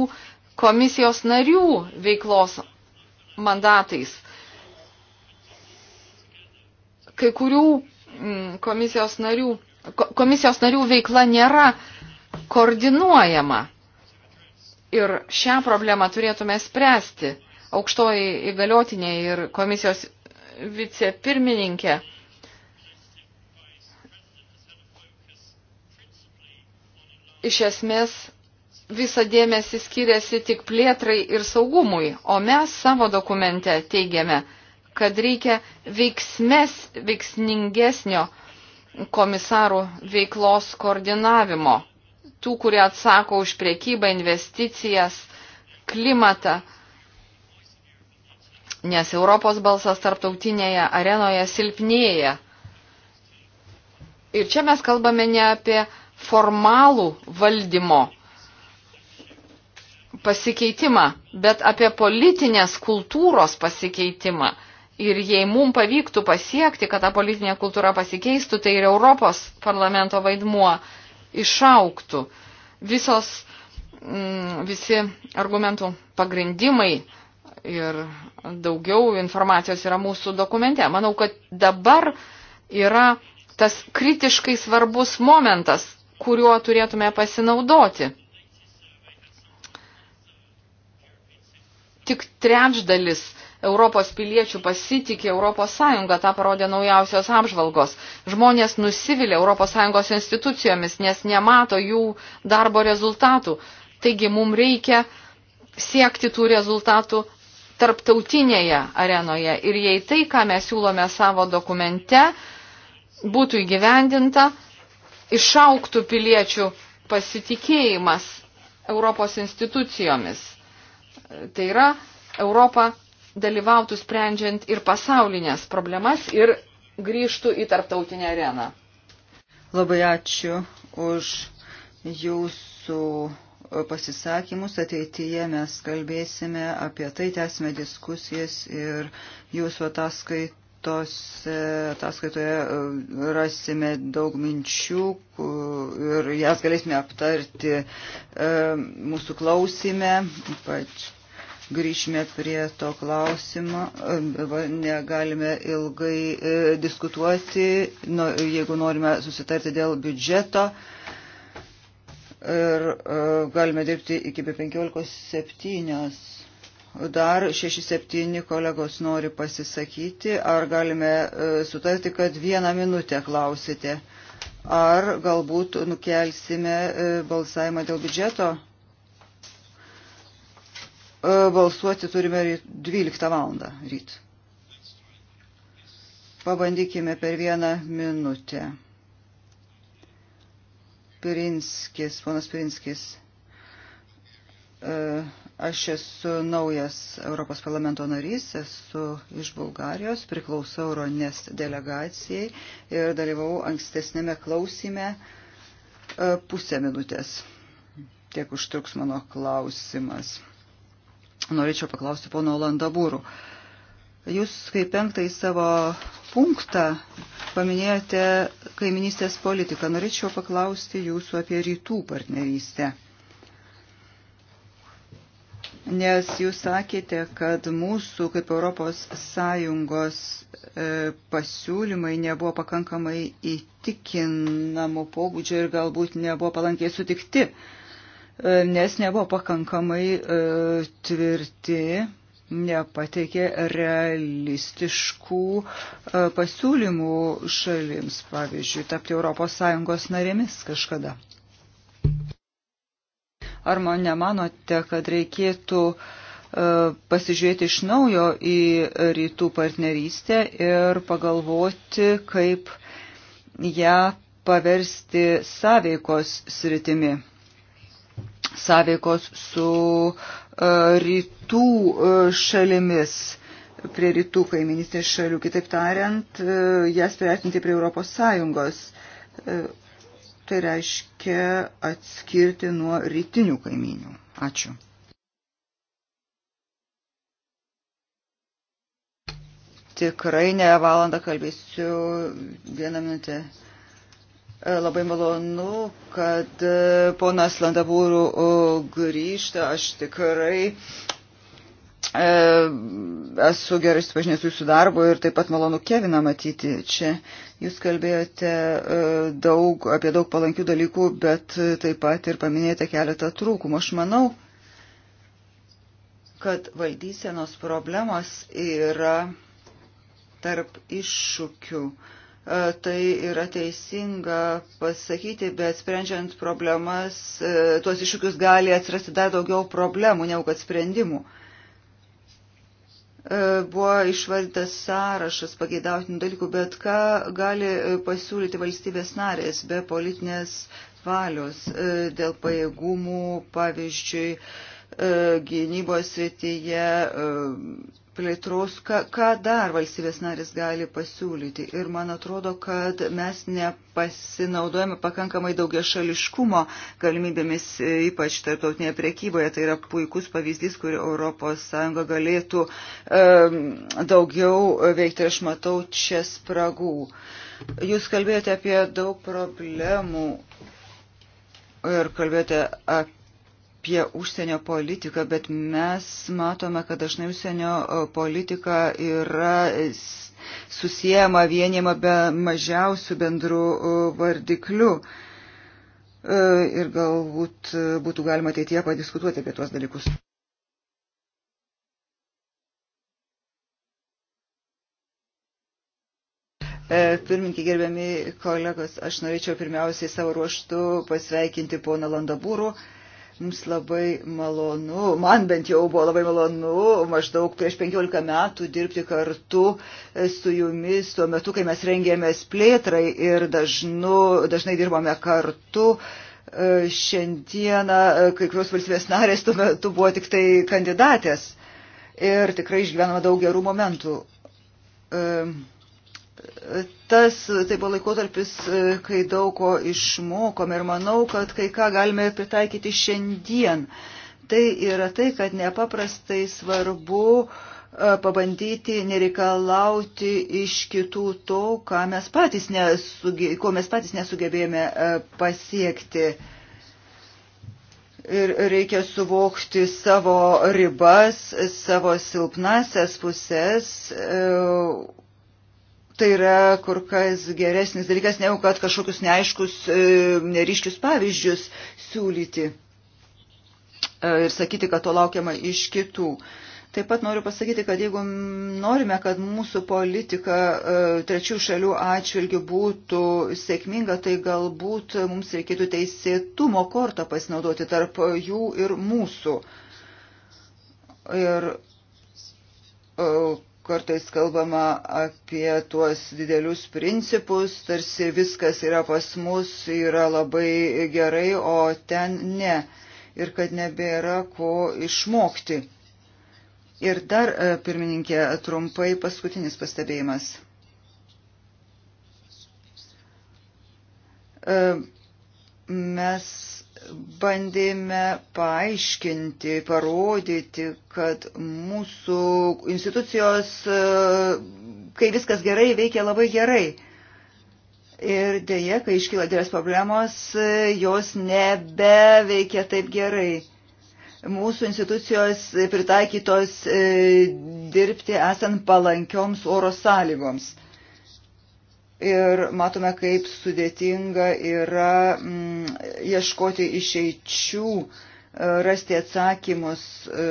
komisijos narių veiklos mandatais. Kai kurių komisijos narių, komisijos narių veikla nėra koordinuojama. Ir šią problemą turėtume spręsti. Aukštoji įgaliotinė ir komisijos vicepirmininkė. Iš esmės visą dėmesį skiriasi tik plėtrai ir saugumui, o mes savo dokumente teigiame, kad reikia veiksmės, veiksningesnio komisarų veiklos koordinavimo tų, kurie atsako už priekybą, investicijas, klimatą. Nes Europos balsas tarptautinėje arenoje silpnėja. Ir čia mes kalbame ne apie formalų valdymo pasikeitimą, bet apie politinės kultūros pasikeitimą. Ir jei mums pavyktų pasiekti, kad ta politinė kultūra pasikeistų, tai ir Europos parlamento vaidmuo išauktų. Visos, mm, visi argumentų pagrindimai ir daugiau informacijos yra mūsų dokumente. Manau, kad dabar yra tas kritiškai svarbus momentas, kuriuo turėtume pasinaudoti. Tik trečdalis Europos piliečių pasitikė Europos Sąjungą, tą parodė naujausios apžvalgos. Žmonės nusivylė Europos Sąjungos institucijomis, nes nemato jų darbo rezultatų. Taigi mums reikia siekti tų rezultatų tarptautinėje arenoje. Ir jei tai, ką mes siūlome savo dokumente, būtų įgyvendinta, išauktų piliečių pasitikėjimas Europos institucijomis. Tai yra, Europa dalyvautų sprendžiant ir pasaulinės problemas ir grįžtų į tarptautinę areną. Labai ačiū už jūsų pasisakymus. Ateityje mes kalbėsime apie tai, tęsime diskusijas ir jūsų ataskaitos, ataskaitoje e, rasime daug minčių ir jas galėsime aptarti e, mūsų klausime, ypač grįžime prie to klausimo. Negalime ilgai e, diskutuoti, jeigu norime susitarti dėl biudžeto. Ir e, galime dirbti iki be 15.7. Dar 6-7 kolegos nori pasisakyti. Ar galime e, sutarti, kad vieną minutę klausite? Ar galbūt nukelsime balsavimą dėl biudžeto? E, balsuoti turime 12 valandą ryt. Pabandykime per vieną minutę. Pirinskis, ponas Pirinskis, e, aš esu naujas Europos parlamento narys, esu iš Bulgarijos, priklausau Euronest delegacijai ir dalyvau ankstesnėme klausime e, pusę minutės. Tiek užtruks mano klausimas norėčiau paklausti pono Landabūrų. Jūs kaip penktąjį savo punktą paminėjote kaiminystės politiką. Norėčiau paklausti jūsų apie rytų partnerystę. Nes jūs sakėte, kad mūsų kaip Europos Sąjungos e, pasiūlymai nebuvo pakankamai įtikinamo pobūdžio ir galbūt nebuvo palankiai sutikti. E, E, nes nebuvo pakankamai e, tvirti, nepateikė realistiškų e, pasiūlymų šalims, pavyzdžiui, tapti ES narėmis kažkada. Ar man nemanote, kad reikėtų pasižiūrėti iš naujo į rytų partnerystę ir pagalvoti, kaip ją paversti sąveikos sritimi? sąveikos su e, rytų e, šalimis prie rytų kaiminystės šalių. Kitaip tariant, e, jas priartinti prie Europos Sąjungos. Tai reiškia atskirti nuo rytinių kaiminių. Ačiū. Tikrai ne valandą kalbėsiu vieną minutę. E, labai malonu, kad e, ponas Landabūrų e, grįžta. Aš tikrai esu gerai supažinęs jūsų darbo ir taip pat malonu Keviną matyti čia. Jūs kalbėjote daug, apie daug palankių dalykų, bet taip pat ir paminėjote keletą trūkumų. Aš manau, kad valdysenos problemos yra tarp iššūkių. Uh, E, tai yra teisinga pasakyti, bet sprendžiant problemas, e, tuos iššūkius gali atsirasti dar daugiau problemų, negu kad sprendimų. E, buvo išvardytas sąrašas pageidautinų dalykų, bet ką gali pasiūlyti valstybės narės be politinės valios dėl pajėgumų, pavyzdžiui, gynybos srityje plėtros, ką, ką dar valstybės narės gali pasiūlyti. Ir man atrodo, kad mes nepasinaudojame pakankamai daugia šališkumo galimybėmis, ypač tarptautinėje priekyboje. Tai yra puikus pavyzdys, kur ES galėtų um, daugiau veikti. Aš matau čia spragų. Jūs kalbėjote apie daug problemų ir kalbėjote apie apie užsienio politiką, bet mes matome, kad dažnai užsienio e, politika yra e, susijęma vienima be mažiausių bendrų e, vardiklių. Ir galbūt būtų galima ateityje padiskutuoti apie tuos dalykus. Pirminkį gerbiami kolegos, aš norėčiau pirmiausiai savo ruoštų pasveikinti poną Landabūrų. Mums labai malonu, man bent jau buvo labai malonu maždaug prieš 15 metų dirbti kartu e, su jumis tuo metu, kai mes rengėmės plėtrai ir dažnu, dažnai dirbome kartu. E, šiandieną e, kai kurios valstybės narės tuo metu buvo tik tai kandidatės ir tikrai išgyvenome daug gerų momentų. Um tas tai buvo laikotarpis, e, kai daug ko išmokom ir manau, kad kai ką galime pritaikyti šiandien. Tai yra tai, kad nepaprastai svarbu e, pabandyti nereikalauti iš kitų to, ką mes patys nesuge, ko mes patys nesugebėjome e, pasiekti. Ir reikia suvokti savo ribas, savo silpnasias pusės, tai yra kur kas geresnis dalykas, negu kad kažkokius neaiškus, e, neriškius pavyzdžius siūlyti e, ir sakyti, kad to laukiama iš kitų. Taip pat noriu pasakyti, kad jeigu norime, kad mūsų politika e, trečių šalių atžvilgių būtų sėkminga, tai galbūt mums reikėtų teisėtumo kortą pasinaudoti tarp jų ir mūsų. Ir kartais kalbama apie tuos didelius principus, tarsi viskas yra pas mus, yra labai gerai, o ten ne. Ir kad nebėra ko išmokti. Ir dar, e, pirmininkė, trumpai paskutinis pastebėjimas. E, mes bandėme paaiškinti, parodyti, kad mūsų institucijos, e, kai viskas gerai, veikia labai gerai. Ir dėje, kai iškyla dėlės problemos, e, jos nebeveikia taip gerai. Mūsų institucijos pritaikytos e, dirbti esant palankioms oro sąlygoms ir matome, kaip sudėtinga yra mm, ieškoti išeičių, e, rasti atsakymus, e,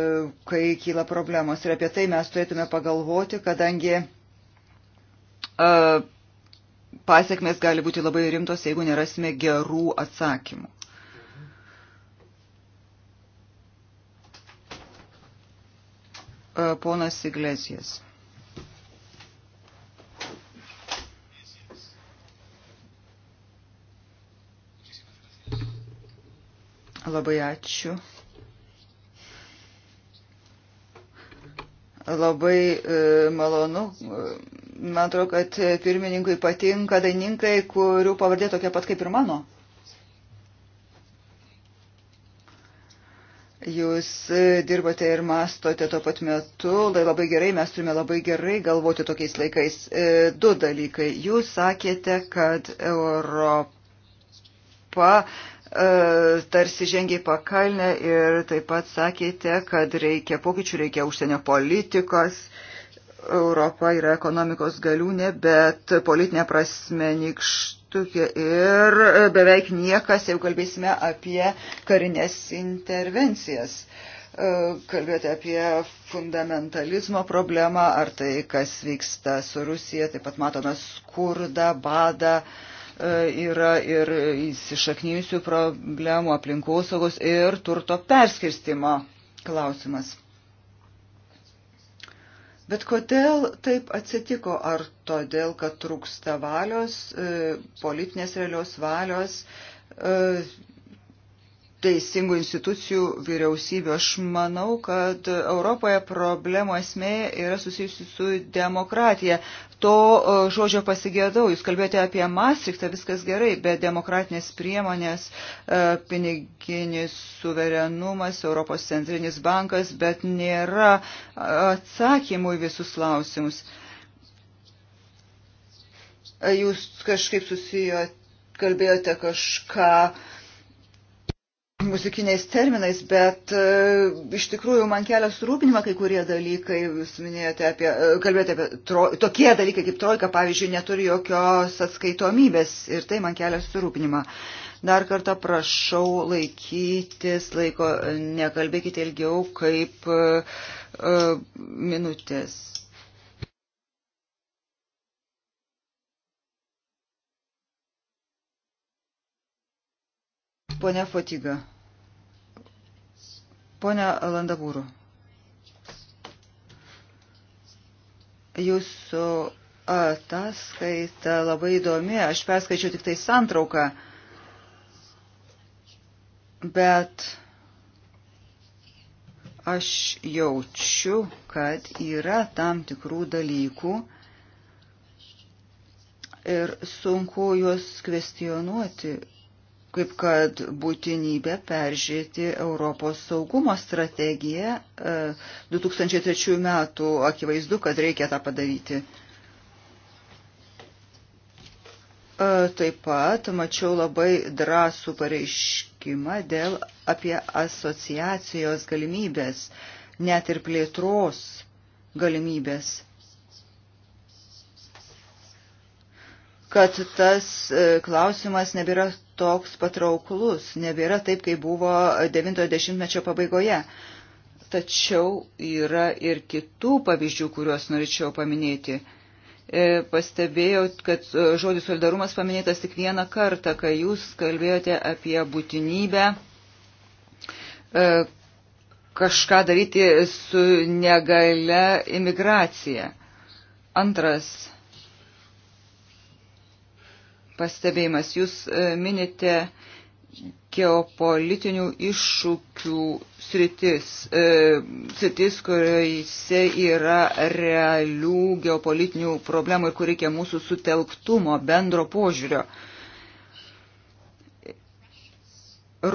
kai kyla problemos. Ir apie tai mes turėtume pagalvoti, kadangi uh, e, pasiekmes gali būti labai rimtos, jeigu nerasime gerų atsakymų. Ponas Iglesijas. Labai ačiū. labai e, malonu. Man atrodo, kad pirmininkui patinka daininkai, kurių pavardė tokia pat kaip ir mano. Jūs e, dirbate ir mastote tuo pat metu, tai labai gerai, mes turime labai gerai galvoti tokiais laikais. E, du dalykai. Jūs sakėte, kad Europa E, tarsi žengiai pakalnę ir taip pat sakėte, kad reikia pokyčių, reikia užsienio politikos. Europa yra ekonomikos galiūnė, bet politinė prasme nikštukė ir beveik niekas, jeigu kalbėsime apie karinės intervencijas. E, kalbėjote apie fundamentalizmo problemą, ar tai, kas vyksta su Rusija, taip pat matome skurdą, badą. Uh, E, yra ir įsišaknyjusių problemų aplinkosaugos ir turto perskirstimo klausimas. Bet kodėl taip atsitiko? Ar todėl, kad trūksta valios, e, politinės realios valios, e, teisingų institucijų vyriausybių. Aš manau, kad Europoje problemų esmė yra susijusi su demokratija. To žodžio pasigėdau. Jūs kalbėjote apie Maastrichtą, viskas gerai, bet demokratinės priemonės, e, piniginis suverenumas, Europos centrinis bankas, bet nėra atsakymų į visus klausimus. Jūs kažkaip susijote, kalbėjote kažką muzikiniais terminais, bet e, iš tikrųjų man kelia surūpinimą kai kurie dalykai, jūs minėjote apie, e, kalbėjote apie, tro, tokie dalykai kaip trojka, pavyzdžiui, neturi jokios atskaitomybės ir tai man kelia surūpinimą. Dar kartą prašau laikytis laiko, nekalbėkite ilgiau kaip uh, uh, minutės. Pone Fotiga. Pone Landabūrų, jūsų ataskaita labai įdomi, aš perskaičiau tik tai santrauką, bet aš jaučiu, kad yra tam tikrų dalykų ir sunku juos kvestionuoti kaip kad būtinybė peržiūrėti Europos saugumo strategiją 2003 e, metų. Akivaizdu, kad reikia tą padaryti. E, taip pat mačiau labai drąsų pareiškimą dėl apie asociacijos galimybės, net ir plėtros galimybės. Kad tas e, klausimas nebėra toks patrauklus, nebėra taip, kaip buvo 90-mečio pabaigoje. Tačiau yra ir kitų pavyzdžių, kuriuos norėčiau paminėti. E, pastebėjau, kad e, žodis solidarumas paminėtas tik vieną kartą, kai jūs kalbėjote apie būtinybę e, kažką daryti su negale imigracija. Antras pastebėjimas. Jūs e, minite geopolitinių iššūkių sritis, e, sritis, kuriuose yra realių geopolitinių problemų ir kur reikia mūsų sutelktumo, bendro požiūrio.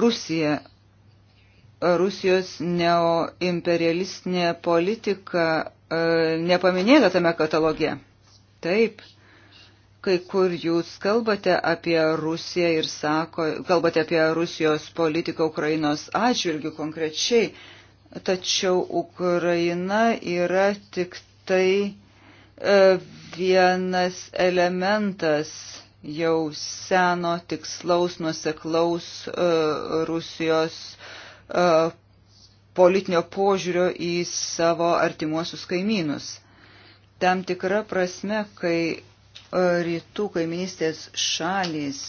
Rusija, Rusijos neoimperialistinė politika e, nepaminėta tame kataloge. Taip, Kai kur jūs kalbate apie Rusiją ir sako, kalbate apie Rusijos politiką Ukrainos atžvilgių konkrečiai, tačiau Ukraina yra tik tai e, vienas elementas jau seno tikslaus nuseklaus e, Rusijos e, politinio požiūrio į savo artimuosius kaimynus. Tam tikra prasme, kai rytų kaiminystės šalys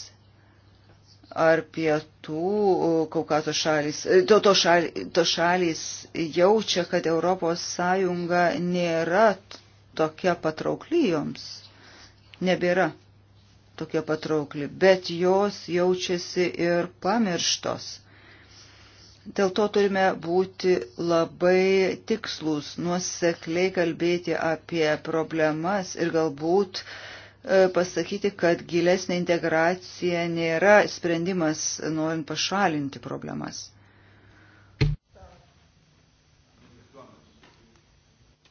ar pietų e, Kaukato šalys, e, to, to, šal, to šalys jaučia, kad Europos Sąjunga nėra tokia patraukli joms, nebėra tokia patraukli, bet jos jaučiasi ir pamirštos. Dėl to turime būti labai tikslus, nuosekliai kalbėti apie problemas ir galbūt uh, E, pasakyti, kad gilesnė integracija nėra sprendimas norint pašalinti problemas.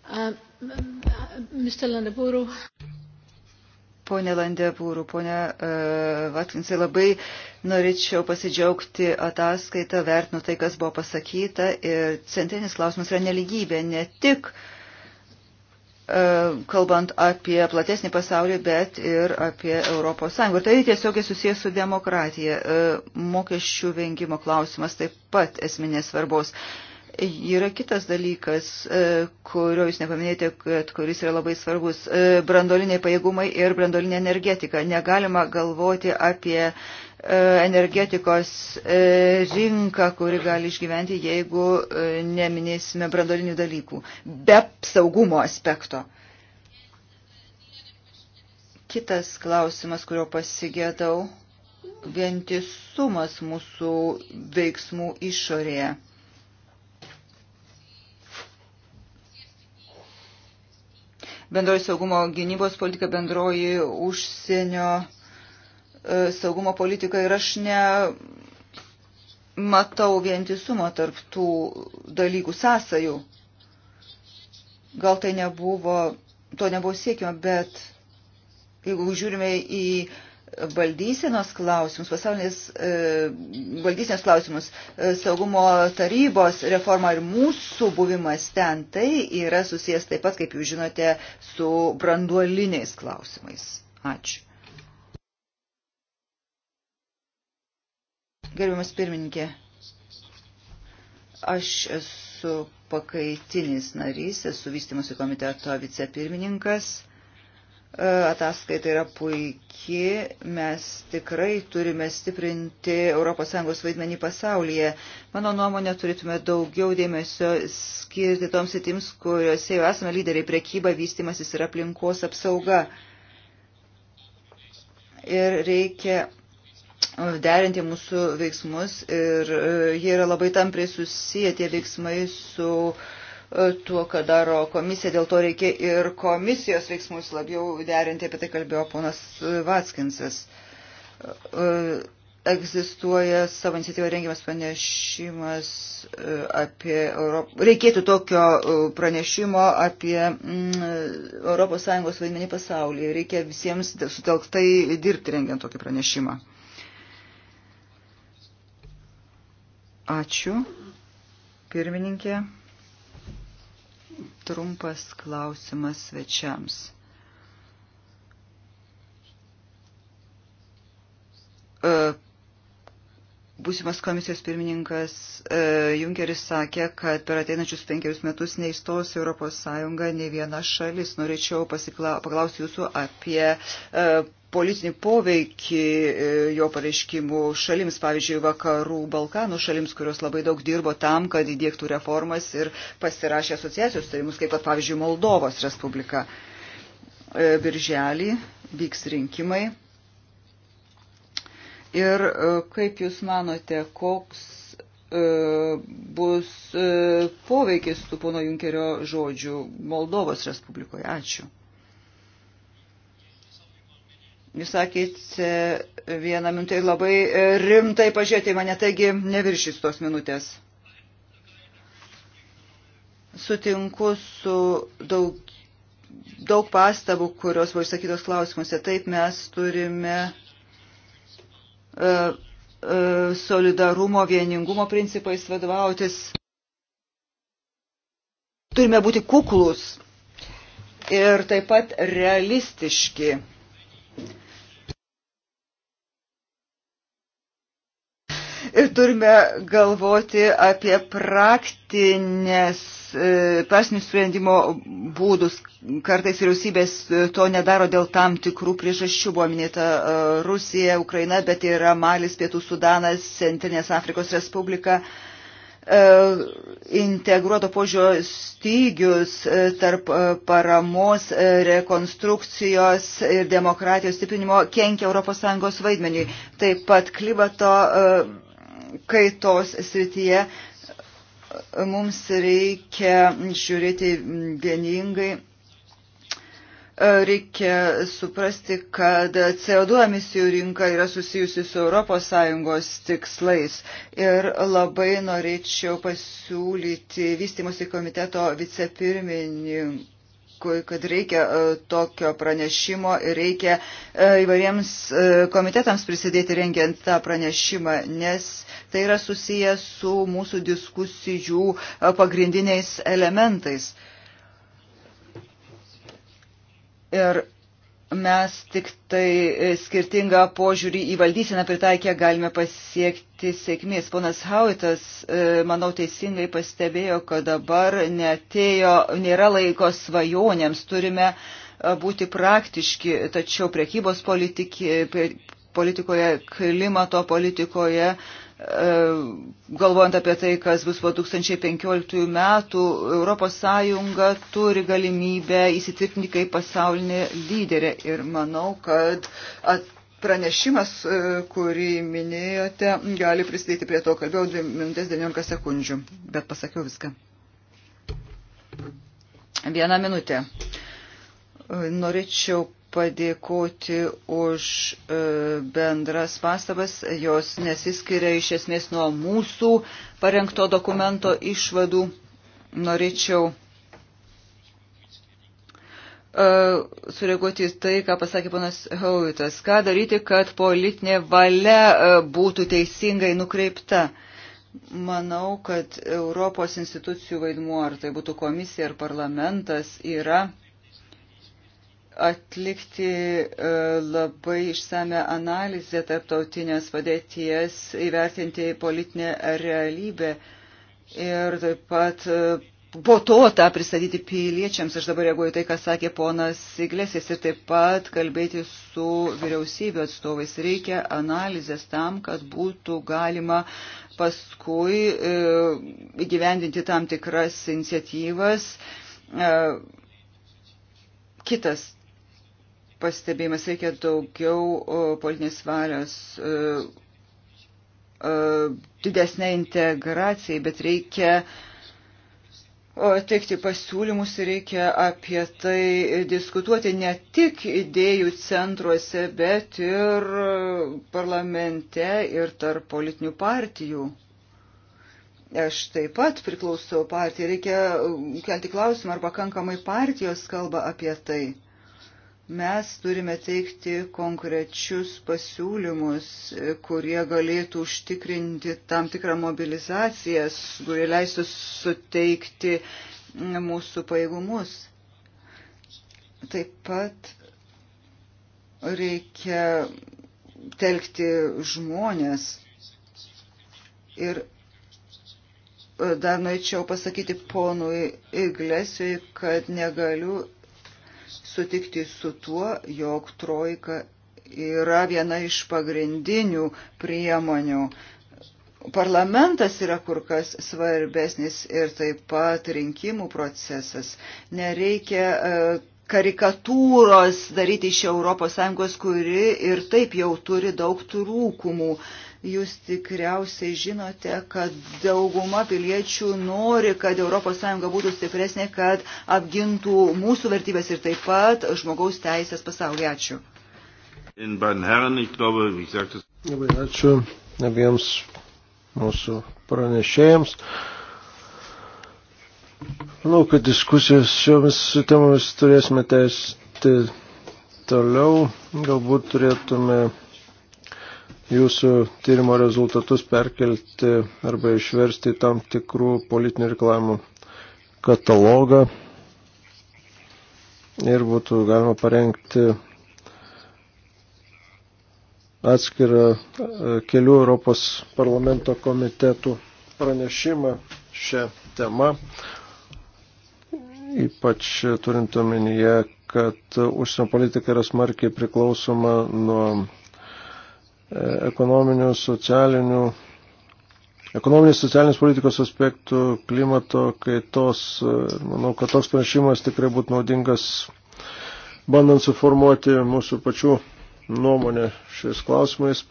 Uh, Mr. Landabūrų. Pone Landebūrų, pone uh, e, Vatkinsai, labai norėčiau pasidžiaugti ataskaitą, vertinu tai, kas buvo pasakyta. Ir centrinis klausimas yra neligybė, ne tik uh, E, kalbant apie platesnį pasaulį, bet ir apie Europos Sąjungą. Tai tiesiogiai susijęs su demokratija. E, mokesčių vengimo klausimas taip pat esminės svarbos. Yra kitas dalykas, e, kurio jūs nepaminėjote, kad kuris yra labai svarbus - brandoliniai pajėgumai ir brandolinė energetika. Negalima galvoti apie uh, E, energetikos e, rinką, kuri gali išgyventi, jeigu e, neminėsime brandolinių dalykų, be saugumo aspekto. Kitas klausimas, kurio pasigėdau, vientisumas mūsų veiksmų išorėje. Bendroji saugumo gynybos politika, bendroji užsienio uh, E, saugumo politiką ir aš ne matau vientisumo tarp tų dalykų sąsajų. Gal tai nebuvo, to nebuvo siekimo, bet jeigu žiūrime į valdysenos klausimus, pasaulinės e, valdysenos klausimus, e, saugumo tarybos reforma ir mūsų buvimas ten, tai yra susijęs taip pat, kaip jūs žinote, su branduoliniais klausimais. Ačiū. Gerbiamas pirmininkė, aš esu pakaitinis narys, esu vystimosi komiteto vicepirmininkas. E, ataskaita yra puiki, mes tikrai turime stiprinti ES vaidmenį pasaulyje. Mano nuomonė, turėtume daugiau dėmesio skirti toms sitims, kuriuose jau esame lyderiai prekyba, vystimasis ir aplinkos apsauga. Ir reikia derinti mūsų veiksmus ir e, jie yra labai tampriai susiję tie veiksmai su e, tuo, ką daro komisija, dėl to reikia ir komisijos veiksmus labiau derinti, apie tai kalbėjo ponas Vatskinsas. E, egzistuoja savo iniciatyvą rengiamas pranešimas apie Europą. Reikėtų tokio pranešimo apie mm, ES vaidmenį pasaulyje. Reikia visiems sutelktai dirbti rengiant tokį pranešimą. Ačiū, pirmininkė. Trumpas klausimas svečiams. E, būsimas komisijos pirmininkas e, Junkeris sakė, kad per ateinančius penkerius metus neįstos Europos Sąjunga nei viena šalis. Norėčiau paklausti jūsų apie e, politinį poveikį e, jo pareiškimų šalims, pavyzdžiui, vakarų Balkanų šalims, kurios labai daug dirbo tam, kad įdėktų reformas ir pasirašė asociacijos tarimus, kaip pat, pavyzdžiui, Moldovos Respublika. E, birželį vyks rinkimai. Ir e, kaip Jūs manote, koks bus poveikis tų pono Junkerio žodžių Moldovos Respublikoje? Ačiū. Jūs sakėte vieną minutę labai e, rimtai pažiūrėti į mane, taigi neviršys tos minutės. Sutinku su daug, daug pastabų, kurios buvo išsakytos klausimuose. Taip mes turime uh, uh, solidarumo, vieningumo principais vadovautis. Turime būti kuklus ir taip pat realistiški ir turime galvoti apie praktinės, e, praktinius sprendimo būdus. Kartais vyriausybės e, to nedaro dėl tam tikrų priežasčių. Buvo minėta e, Rusija, Ukraina, bet yra Malis, Pietų Sudanas, Centrinės Afrikos Respublika integruoto požiūrio stygius tarp paramos, rekonstrukcijos ir demokratijos stiprinimo kenkia ES vaidmeniui. Taip pat klimato kaitos srityje mums reikia žiūrėti vieningai. Reikia suprasti, kad CO2 emisijų rinka yra susijusi su ES tikslais. Ir labai norėčiau pasiūlyti vystimosi komiteto vicepirmininkui Barekui, kad reikia e, tokio pranešimo ir reikia e, įvairiems e, komitetams prisidėti rengiant tą pranešimą, nes tai yra susiję su mūsų diskusijų pagrindiniais elementais. Ir mes tik tai e, skirtingą požiūrį į valdyseną pritaikę galime pasiekti sėkmės. Ponas Hauitas, e, manau, teisingai pastebėjo, kad dabar netėjo, nėra laiko svajonėms, turime e, būti praktiški, tačiau priekybos politiki, politikoje, klimato politikoje E, galvojant apie tai, kas bus po 2015 metų, ES turi galimybę įsitvirtinti kaip pasaulinė lyderė. Ir manau, kad pranešimas, e, kurį minėjote, gali prisidėti prie to. Kalbėjau 2 minutės 19 sekundžių, bet pasakiau viską. Vieną minutę. E, norėčiau padėkoti už e, bendras pastabas. Jos nesiskiria iš esmės nuo mūsų parengto dokumento išvadų. Norėčiau e, sureaguoti į tai, ką pasakė panas Hauvitas. Ką daryti, kad politinė valia e, būtų teisingai nukreipta? Manau, kad Europos institucijų vaidmuo, ar tai būtų komisija ar parlamentas, yra atlikti e, labai išsame analizę tarptautinės padėties, įvertinti politinę realybę ir taip pat e, po to tą pristatyti piliečiams. Aš dabar reaguoju tai, ką sakė ponas Iglesės ir taip pat kalbėti su vyriausybių atstovais. Reikia analizės tam, kad būtų galima paskui e, įgyvendinti tam tikras iniciatyvas. Kitas pastebėjimas, reikia daugiau politinės valios, didesnė integracija, bet reikia teikti pasiūlymus ir reikia apie tai diskutuoti ne tik idėjų centruose, bet ir parlamente ir tarp politinių partijų. Aš taip pat priklausau partijai, reikia kelti klausimą, ar pakankamai partijos kalba apie tai. Mes turime teikti konkrečius pasiūlymus, kurie galėtų užtikrinti tam tikrą mobilizaciją, kurie leistų suteikti mūsų pajėgumus. Taip pat reikia telkti žmonės. Ir dar norėčiau pasakyti ponui Iglesiui, kad negaliu sutikti su tuo, jog trojka yra viena iš pagrindinių priemonių. Parlamentas yra kur kas svarbesnis ir taip pat rinkimų procesas. Nereikia e, karikatūros daryti iš ES, kuri ir taip jau turi daug trūkumų. Jūs tikriausiai žinote, kad dauguma piliečių nori, kad ES būtų stipresnė, kad apgintų mūsų vertybės ir taip pat žmogaus teisės pasaulyje. Ačiū. Labai ačiū abiems mūsų pranešėjams. Manau, kad diskusijos šiomis temomis turėsime tęsti toliau. Galbūt turėtume jūsų tyrimo rezultatus perkelti arba išversti tam tikrų politinių reklamų katalogą ir būtų galima parengti atskirą e, kelių Europos parlamento komitetų pranešimą šią temą ypač turint omenyje, kad užsienio politika yra smarkiai priklausoma nuo e, ekonominių, socialinių, ekonominės socialinės politikos aspektų, klimato kaitos. E, manau, kad toks pranešimas tikrai būtų naudingas, bandant suformuoti mūsų pačių nuomonę šiais klausimais.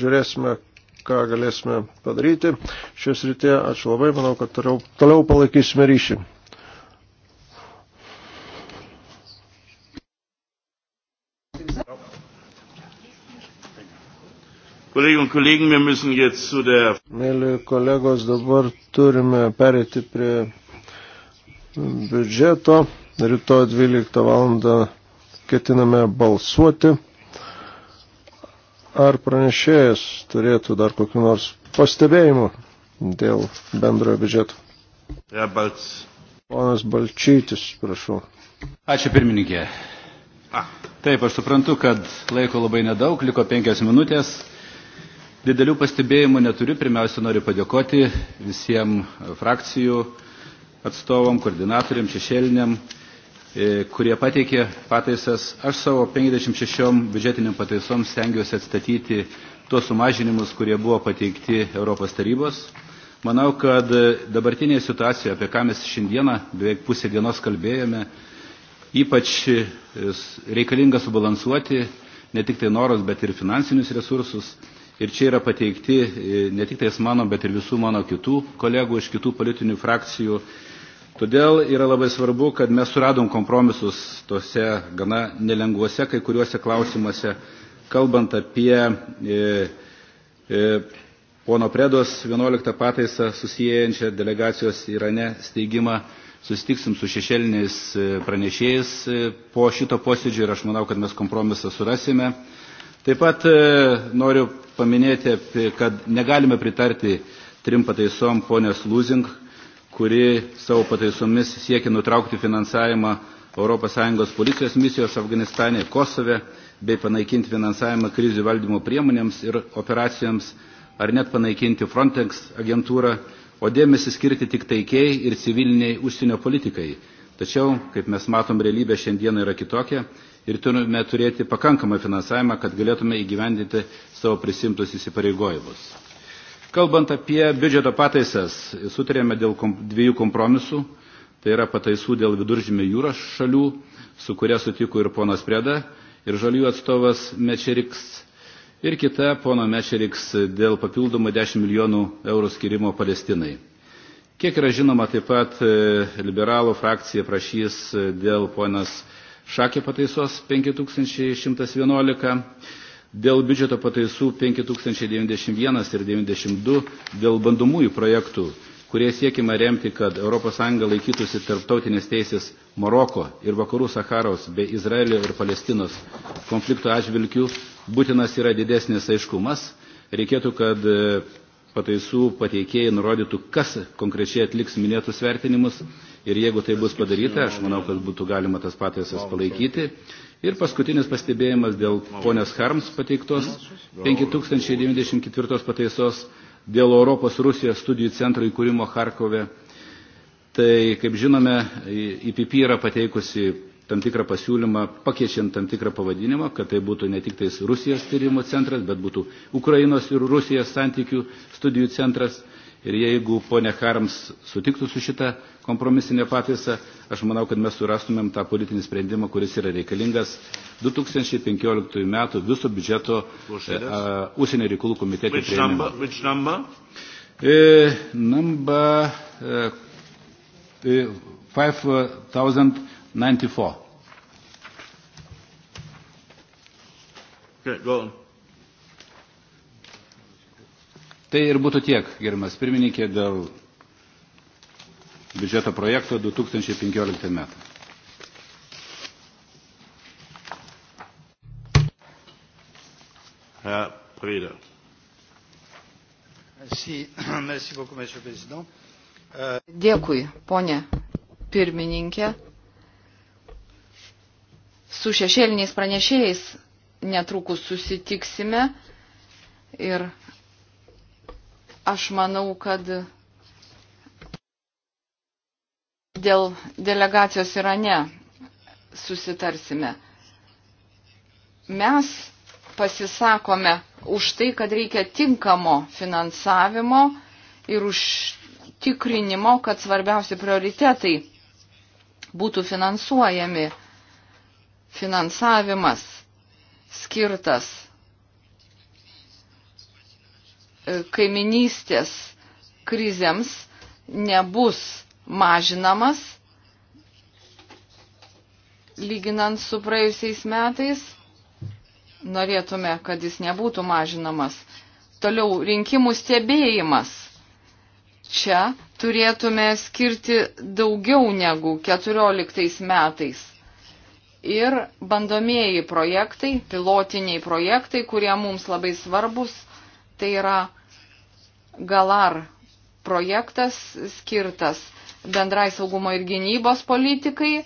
Žiūrėsime, ką galėsime padaryti. Šios rytė, ačiū labai, manau, kad toliau, toliau palaikysime ryšį. Kolleginnen und Kollegen, wir müssen jetzt zu der. Mėly kolegos, dabar turime perėti prie biudžeto. Rytoj 12 val. ketiname balsuoti. Ar pranešėjas turėtų dar kokiu nors pastebėjimu dėl bendrojo biudžeto? Ja, balts. Ponas Balčytis, prašau. Ačiū pirmininkė. Ah. Taip, aš suprantu, kad laiko labai nedaug, liko penkias minutės Didelių pastebėjimų neturiu. Pirmiausia, noriu padėkoti visiems frakcijų atstovom, koordinatoriam, šešėliniam, e, kurie pateikė pataisas. Aš savo 56 biudžetiniam pataisom stengiuosi atstatyti tuos sumažinimus, kurie buvo pateikti Europos tarybos. Manau, kad dabartinėje situacijoje, apie ką mes šiandieną beveik pusę dienos kalbėjome, ypač e, reikalinga subalansuoti ne tik tai noros, bet ir finansinius resursus. Ir čia yra pateikti e, ne tik tais mano, bet ir visų mano kitų kolegų iš kitų politinių frakcijų. Todėl yra labai svarbu, kad mes suradom kompromisus tose gana nelengvuose kai kuriuose klausimuose, kalbant apie e, e, pono Predos 11 pataisą susijęjančią delegacijos Irane steigimą susitiksim su šešėliniais e, pranešėjais e, po šito posėdžio ir aš manau, kad mes kompromisą surasime. Taip pat noriu paminėti, kad negalime pritarti trim pataisom ponės Lūzing, kuri savo pataisomis siekia nutraukti finansavimą ES policijos misijos Afganistane, Kosove bei panaikinti finansavimą krizių valdymo priemonėms ir operacijoms ar net panaikinti Frontex agentūrą, o dėmesį skirti tik taikiai ir civiliniai užsienio politikai. Tačiau, kaip mes matom, realybė šiandien yra kitokia ir turime turėti pakankamą finansavimą, kad galėtume įgyvendinti savo prisimtus įsipareigojimus. Kalbant apie biudžeto pataisas, sutarėme dėl dviejų kompromisų, tai yra pataisų dėl viduržymio jūros šalių, su kuria sutiko ir ponas Preda, ir žaliųjų atstovas Mečeriks, ir kita pono Mečeriks dėl papildomų 10 milijonų eurų skirimo Palestinai. Kiek yra žinoma, taip pat e, liberalų frakcija prašys e, dėl ponas šakė pataisos 5111, dėl biudžeto pataisų 5091 ir 92, dėl bandomųjų projektų, kurie siekima remti, kad ES laikytųsi tarptautinės teisės Maroko ir Vakarų Saharos bei Izraelio ir Palestinos konflikto atžvilgių, būtinas yra didesnis aiškumas. Reikėtų, kad e, pataisų pateikėjai nurodytų, kas konkrečiai atliks minėtus vertinimus Ir jeigu tai bus padaryta, aš manau, kad būtų galima tas pataisas palaikyti. Ir paskutinis pastebėjimas dėl ponios Harms pateiktos 5094 pataisos dėl Europos Rusijos studijų centro įkūrimo Harkove. Tai, kaip žinome, IPP yra pateikusi tam tikrą pasiūlymą, pakeičiant tam tikrą pavadinimą, kad tai būtų ne tik tais Rusijos tyrimo centras, bet būtų Ukrainos ir Rusijos santykių studijų centras. Ir jeigu ponė Harms sutiktų su šitą kompromisinę pataisą, aš manau, kad mes surastumėm tą politinį sprendimą, kuris yra reikalingas 2015 metų viso biudžeto e, užsienio reikalų komiteto prieimimo. Which number? Uh, number uh, uh, 5094. Okay, go on. Tai ir būtų tiek, gerimas pirmininkė, dėl biudžeto projekto 2015 metų. Herr Preda. Merci, [clears throat] merci beaucoup, Monsieur le Président. Euh, Dėkui, ponė pirmininkė. Su šešėliniais pranešėjais netrukus susitiksime ir Aš manau, kad dėl delegacijos Irane susitarsime. Mes pasisakome už tai, kad reikia tinkamo finansavimo ir užtikrinimo, kad svarbiausi prioritetai būtų finansuojami. Finansavimas skirtas kaiminystės krizėms nebus mažinamas, lyginant su praėjusiais metais. Norėtume, kad jis nebūtų mažinamas. Toliau rinkimų stebėjimas. Čia turėtume skirti daugiau negu 14 metais. Ir bandomieji projektai, pilotiniai projektai, kurie mums labai svarbus – Tai yra Galar projektas skirtas bendrai saugumo ir gynybos politikai.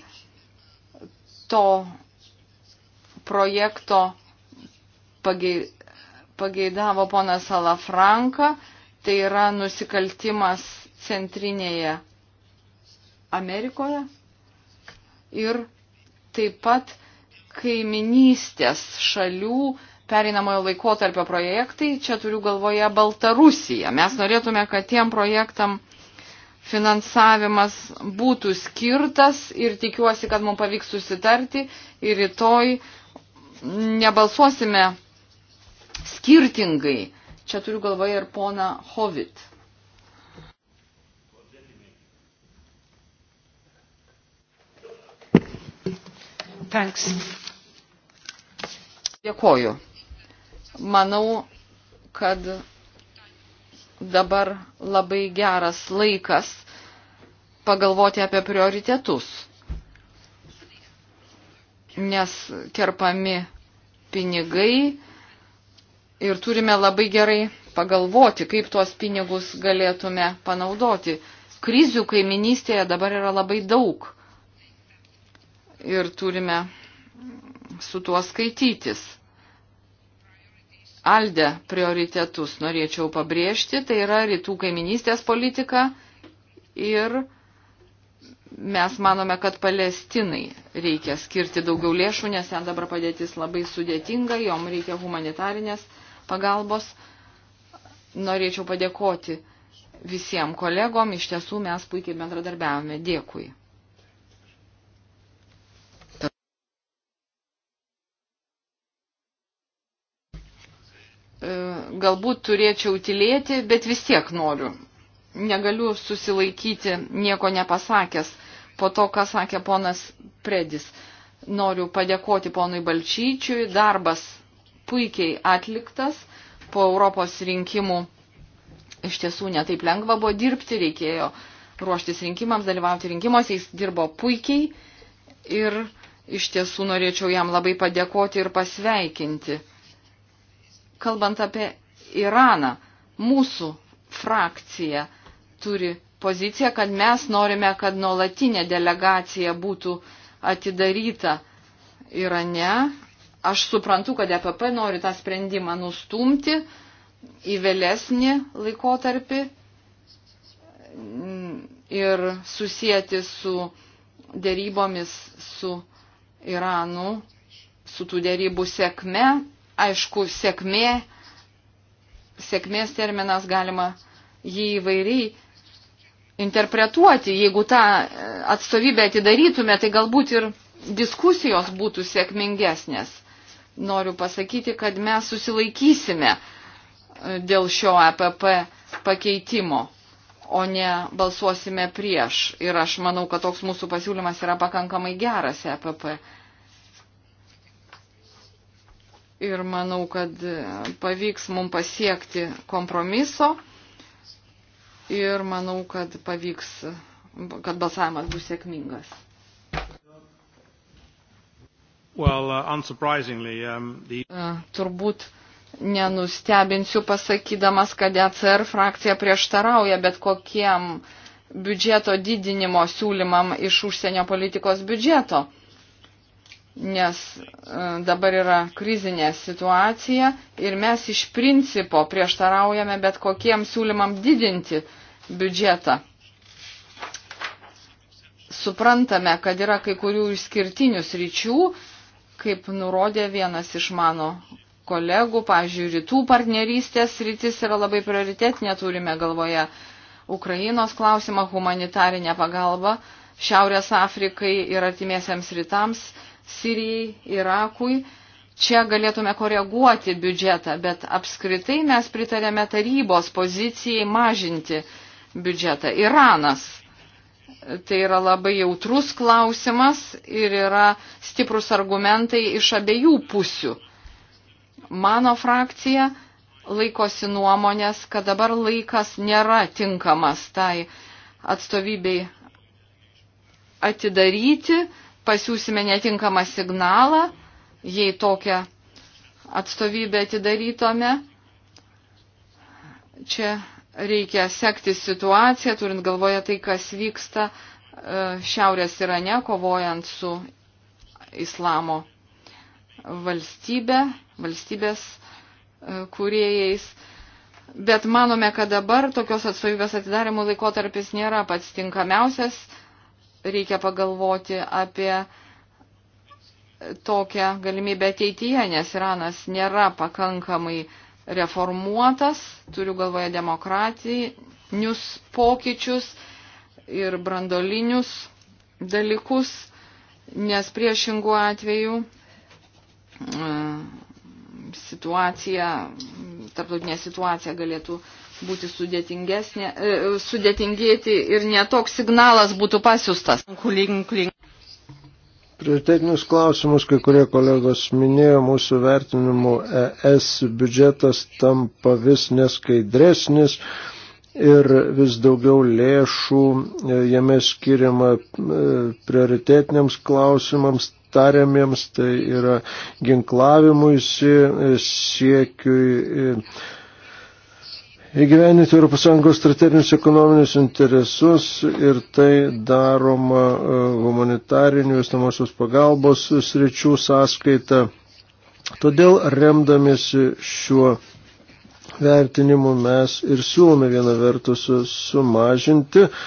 To projekto pageidavo ponas Alafranka, tai yra nusikaltimas centrinėje Amerikoje ir taip pat kaiminystės šalių pereinamojo laikotarpio projektai, čia turiu galvoje Baltarusiją. Mes norėtume, kad tiem projektam finansavimas būtų skirtas ir tikiuosi, kad mums pavyks susitarti ir rytoj nebalsuosime skirtingai. Čia turiu galvoje ir pona Hovit. Thanks. Dėkoju. Manau, kad dabar labai geras laikas pagalvoti apie prioritetus, nes kerpami pinigai ir turime labai gerai pagalvoti, kaip tuos pinigus galėtume panaudoti. Krizių kaiminystėje dabar yra labai daug ir turime su tuo skaitytis. Alde prioritetus norėčiau pabrėžti, tai yra rytų kaiminystės politika ir mes manome, kad Palestinai reikia skirti daugiau lėšų, nes ten dabar padėtis labai sudėtinga, jom reikia humanitarinės pagalbos. Norėčiau padėkoti visiems kolegom, iš tiesų mes puikiai bendradarbiavome. Dėkui. E, galbūt turėčiau tylėti, bet vis tiek noriu. Negaliu susilaikyti nieko nepasakęs po to, ką sakė ponas Predis. Noriu padėkoti ponui Balčyčiui, darbas puikiai atliktas, po Europos rinkimų iš tiesų netaip lengva buvo dirbti, reikėjo ruoštis rinkimams, dalyvauti rinkimuose, jis dirbo puikiai ir iš tiesų norėčiau jam labai padėkoti ir pasveikinti. Kalbant apie Iraną, mūsų frakcija turi poziciją, kad mes norime, kad nuolatinė delegacija būtų atidaryta Irane. Aš suprantu, kad EPP nori tą sprendimą nustumti į vėlesnį laikotarpį ir susijęti su dėrybomis su Iranu, su tų dėrybų sėkme Aišku, sėkmė, sėkmės terminas galima jį įvairiai interpretuoti. Jeigu tą atstovybę atidarytume, tai galbūt ir diskusijos būtų sėkmingesnės. Noriu pasakyti, kad mes susilaikysime dėl šio EPP pakeitimo, o ne balsuosime prieš. Ir aš manau, kad toks mūsų pasiūlymas yra pakankamai geras EPP ir manau, kad e, pavyks mums pasiekti kompromiso ir manau, kad pavyks, kad balsavimas bus sėkmingas. Well, uh, um, the... uh, turbūt nenustebinsiu pasakydamas, kad ECR frakcija prieštarauja bet kokiem biudžeto didinimo siūlymam iš užsienio politikos biudžeto nes e, dabar yra krizinė situacija ir mes iš principo prieštaraujame bet kokiem siūlymam didinti biudžetą. Suprantame, kad yra kai kurių išskirtinių sričių, kaip nurodė vienas iš mano kolegų, pavyzdžiui, rytų partnerystės rytis yra labai prioritetinė, turime galvoje Ukrainos klausimą, humanitarinę pagalbą, Šiaurės Afrikai ir artimiesiams rytams, Sirijai, Irakui. Čia galėtume koreguoti biudžetą, bet apskritai mes pritarėme tarybos pozicijai mažinti biudžetą. Iranas. Tai yra labai jautrus klausimas ir yra stiprus argumentai iš abiejų pusių. Mano frakcija laikosi nuomonės, kad dabar laikas nėra tinkamas tai atstovybei atidaryti, pasiūsime netinkamą signalą, jei tokią atstovybę atidarytome. Čia reikia sekti situaciją, turint galvoje tai, kas vyksta e, Šiaurės Irane, kovojant su islamo valstybė, valstybės e, kuriejais. Bet manome, kad dabar tokios atstovybės atidarimo laikotarpis nėra pats tinkamiausias reikia pagalvoti apie tokią galimybę ateityje, nes Iranas nėra pakankamai reformuotas, turiu galvoje demokratinius pokyčius ir brandolinius dalykus, nes priešingų atveju e, situacija, tarptautinė situacija galėtų uh, būti sudėtingesnė, e, sudėtingėti ir netoks signalas būtų pasiustas. Prioritetinius klausimus, kai kurie kolegos minėjo, mūsų vertinimu ES biudžetas tampa vis neskaidresnis ir vis daugiau lėšų e, jame skiriama e, prioritetiniams klausimams, tariamiems, tai yra ginklavimuisi, siekiui įgyveninti ES strateginius ekonominius interesus ir tai daroma e, humanitarinių įstamosios pagalbos sričių sąskaita. Todėl remdamėsi šiuo vertinimu mes ir siūlome vieną vertus sumažinti uh,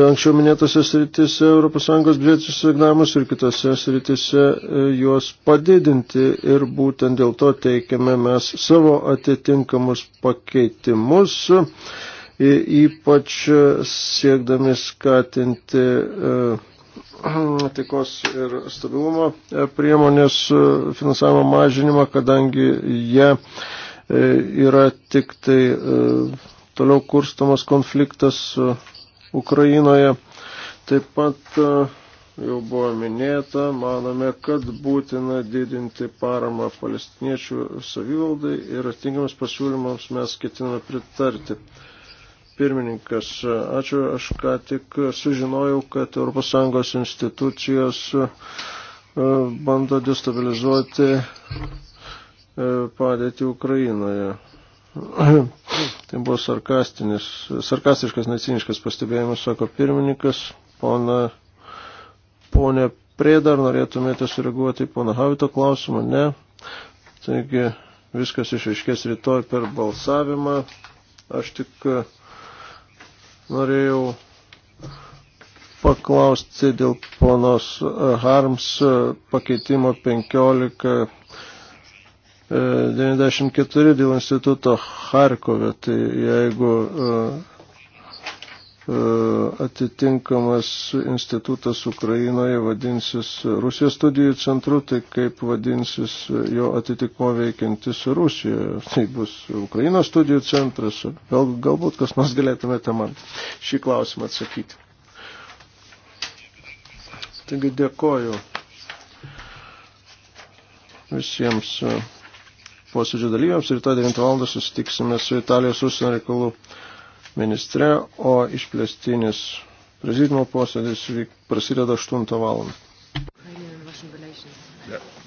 anksčiau minėtose sritise ES biudžetus signavimus ir kitose sritise e, juos padidinti ir būtent dėl to teikiame mes savo atitinkamus pakeitimus, e, ypač siekdami skatinti e, [clears throat] taikos ir stabilumo priemonės finansavimo mažinimą, kadangi jie yra tik tai toliau kurstamas konfliktas su Ukrainoje. Taip pat e, jau buvo minėta, manome, kad būtina didinti paramą palestiniečių savivaldai ir atitinkiams pasiūlymams mes ketiname pritarti. Pirmininkas, ačiū, aš ką tik sužinojau, kad ES institucijos e, bando destabilizuoti e, padėtį Ukrainoje. [clears throat] tai buvo sarkastinis, sarkastiškas, neciniškas pastebėjimas, sako pirmininkas, pona, ponė Prėdar, norėtumėte sureaguoti į pono Havito klausimą? Ne. Taigi, viskas išaiškės rytoj per balsavimą. Aš tik e, norėjau paklausti dėl ponos e, Harms e, pakeitimo 15 94 e, dėl instituto Harkove. Tai jeigu e, e, atitinkamas institutas Ukrainoje vadinsis Rusijos studijų centru, tai kaip vadinsis jo atitikmo veikiantis Rusijoje. Tai bus Ukrainos studijų centras. Gal, galbūt kas nors galėtumėte man šį klausimą atsakyti. Taigi dėkoju visiems. Uh, posėdžio dalyviams. Rytoj 9 val. susitiksime su Italijos užsienio reikalų ministre, o išplėstinis prezidimo posėdis prasideda 8 val. Yeah.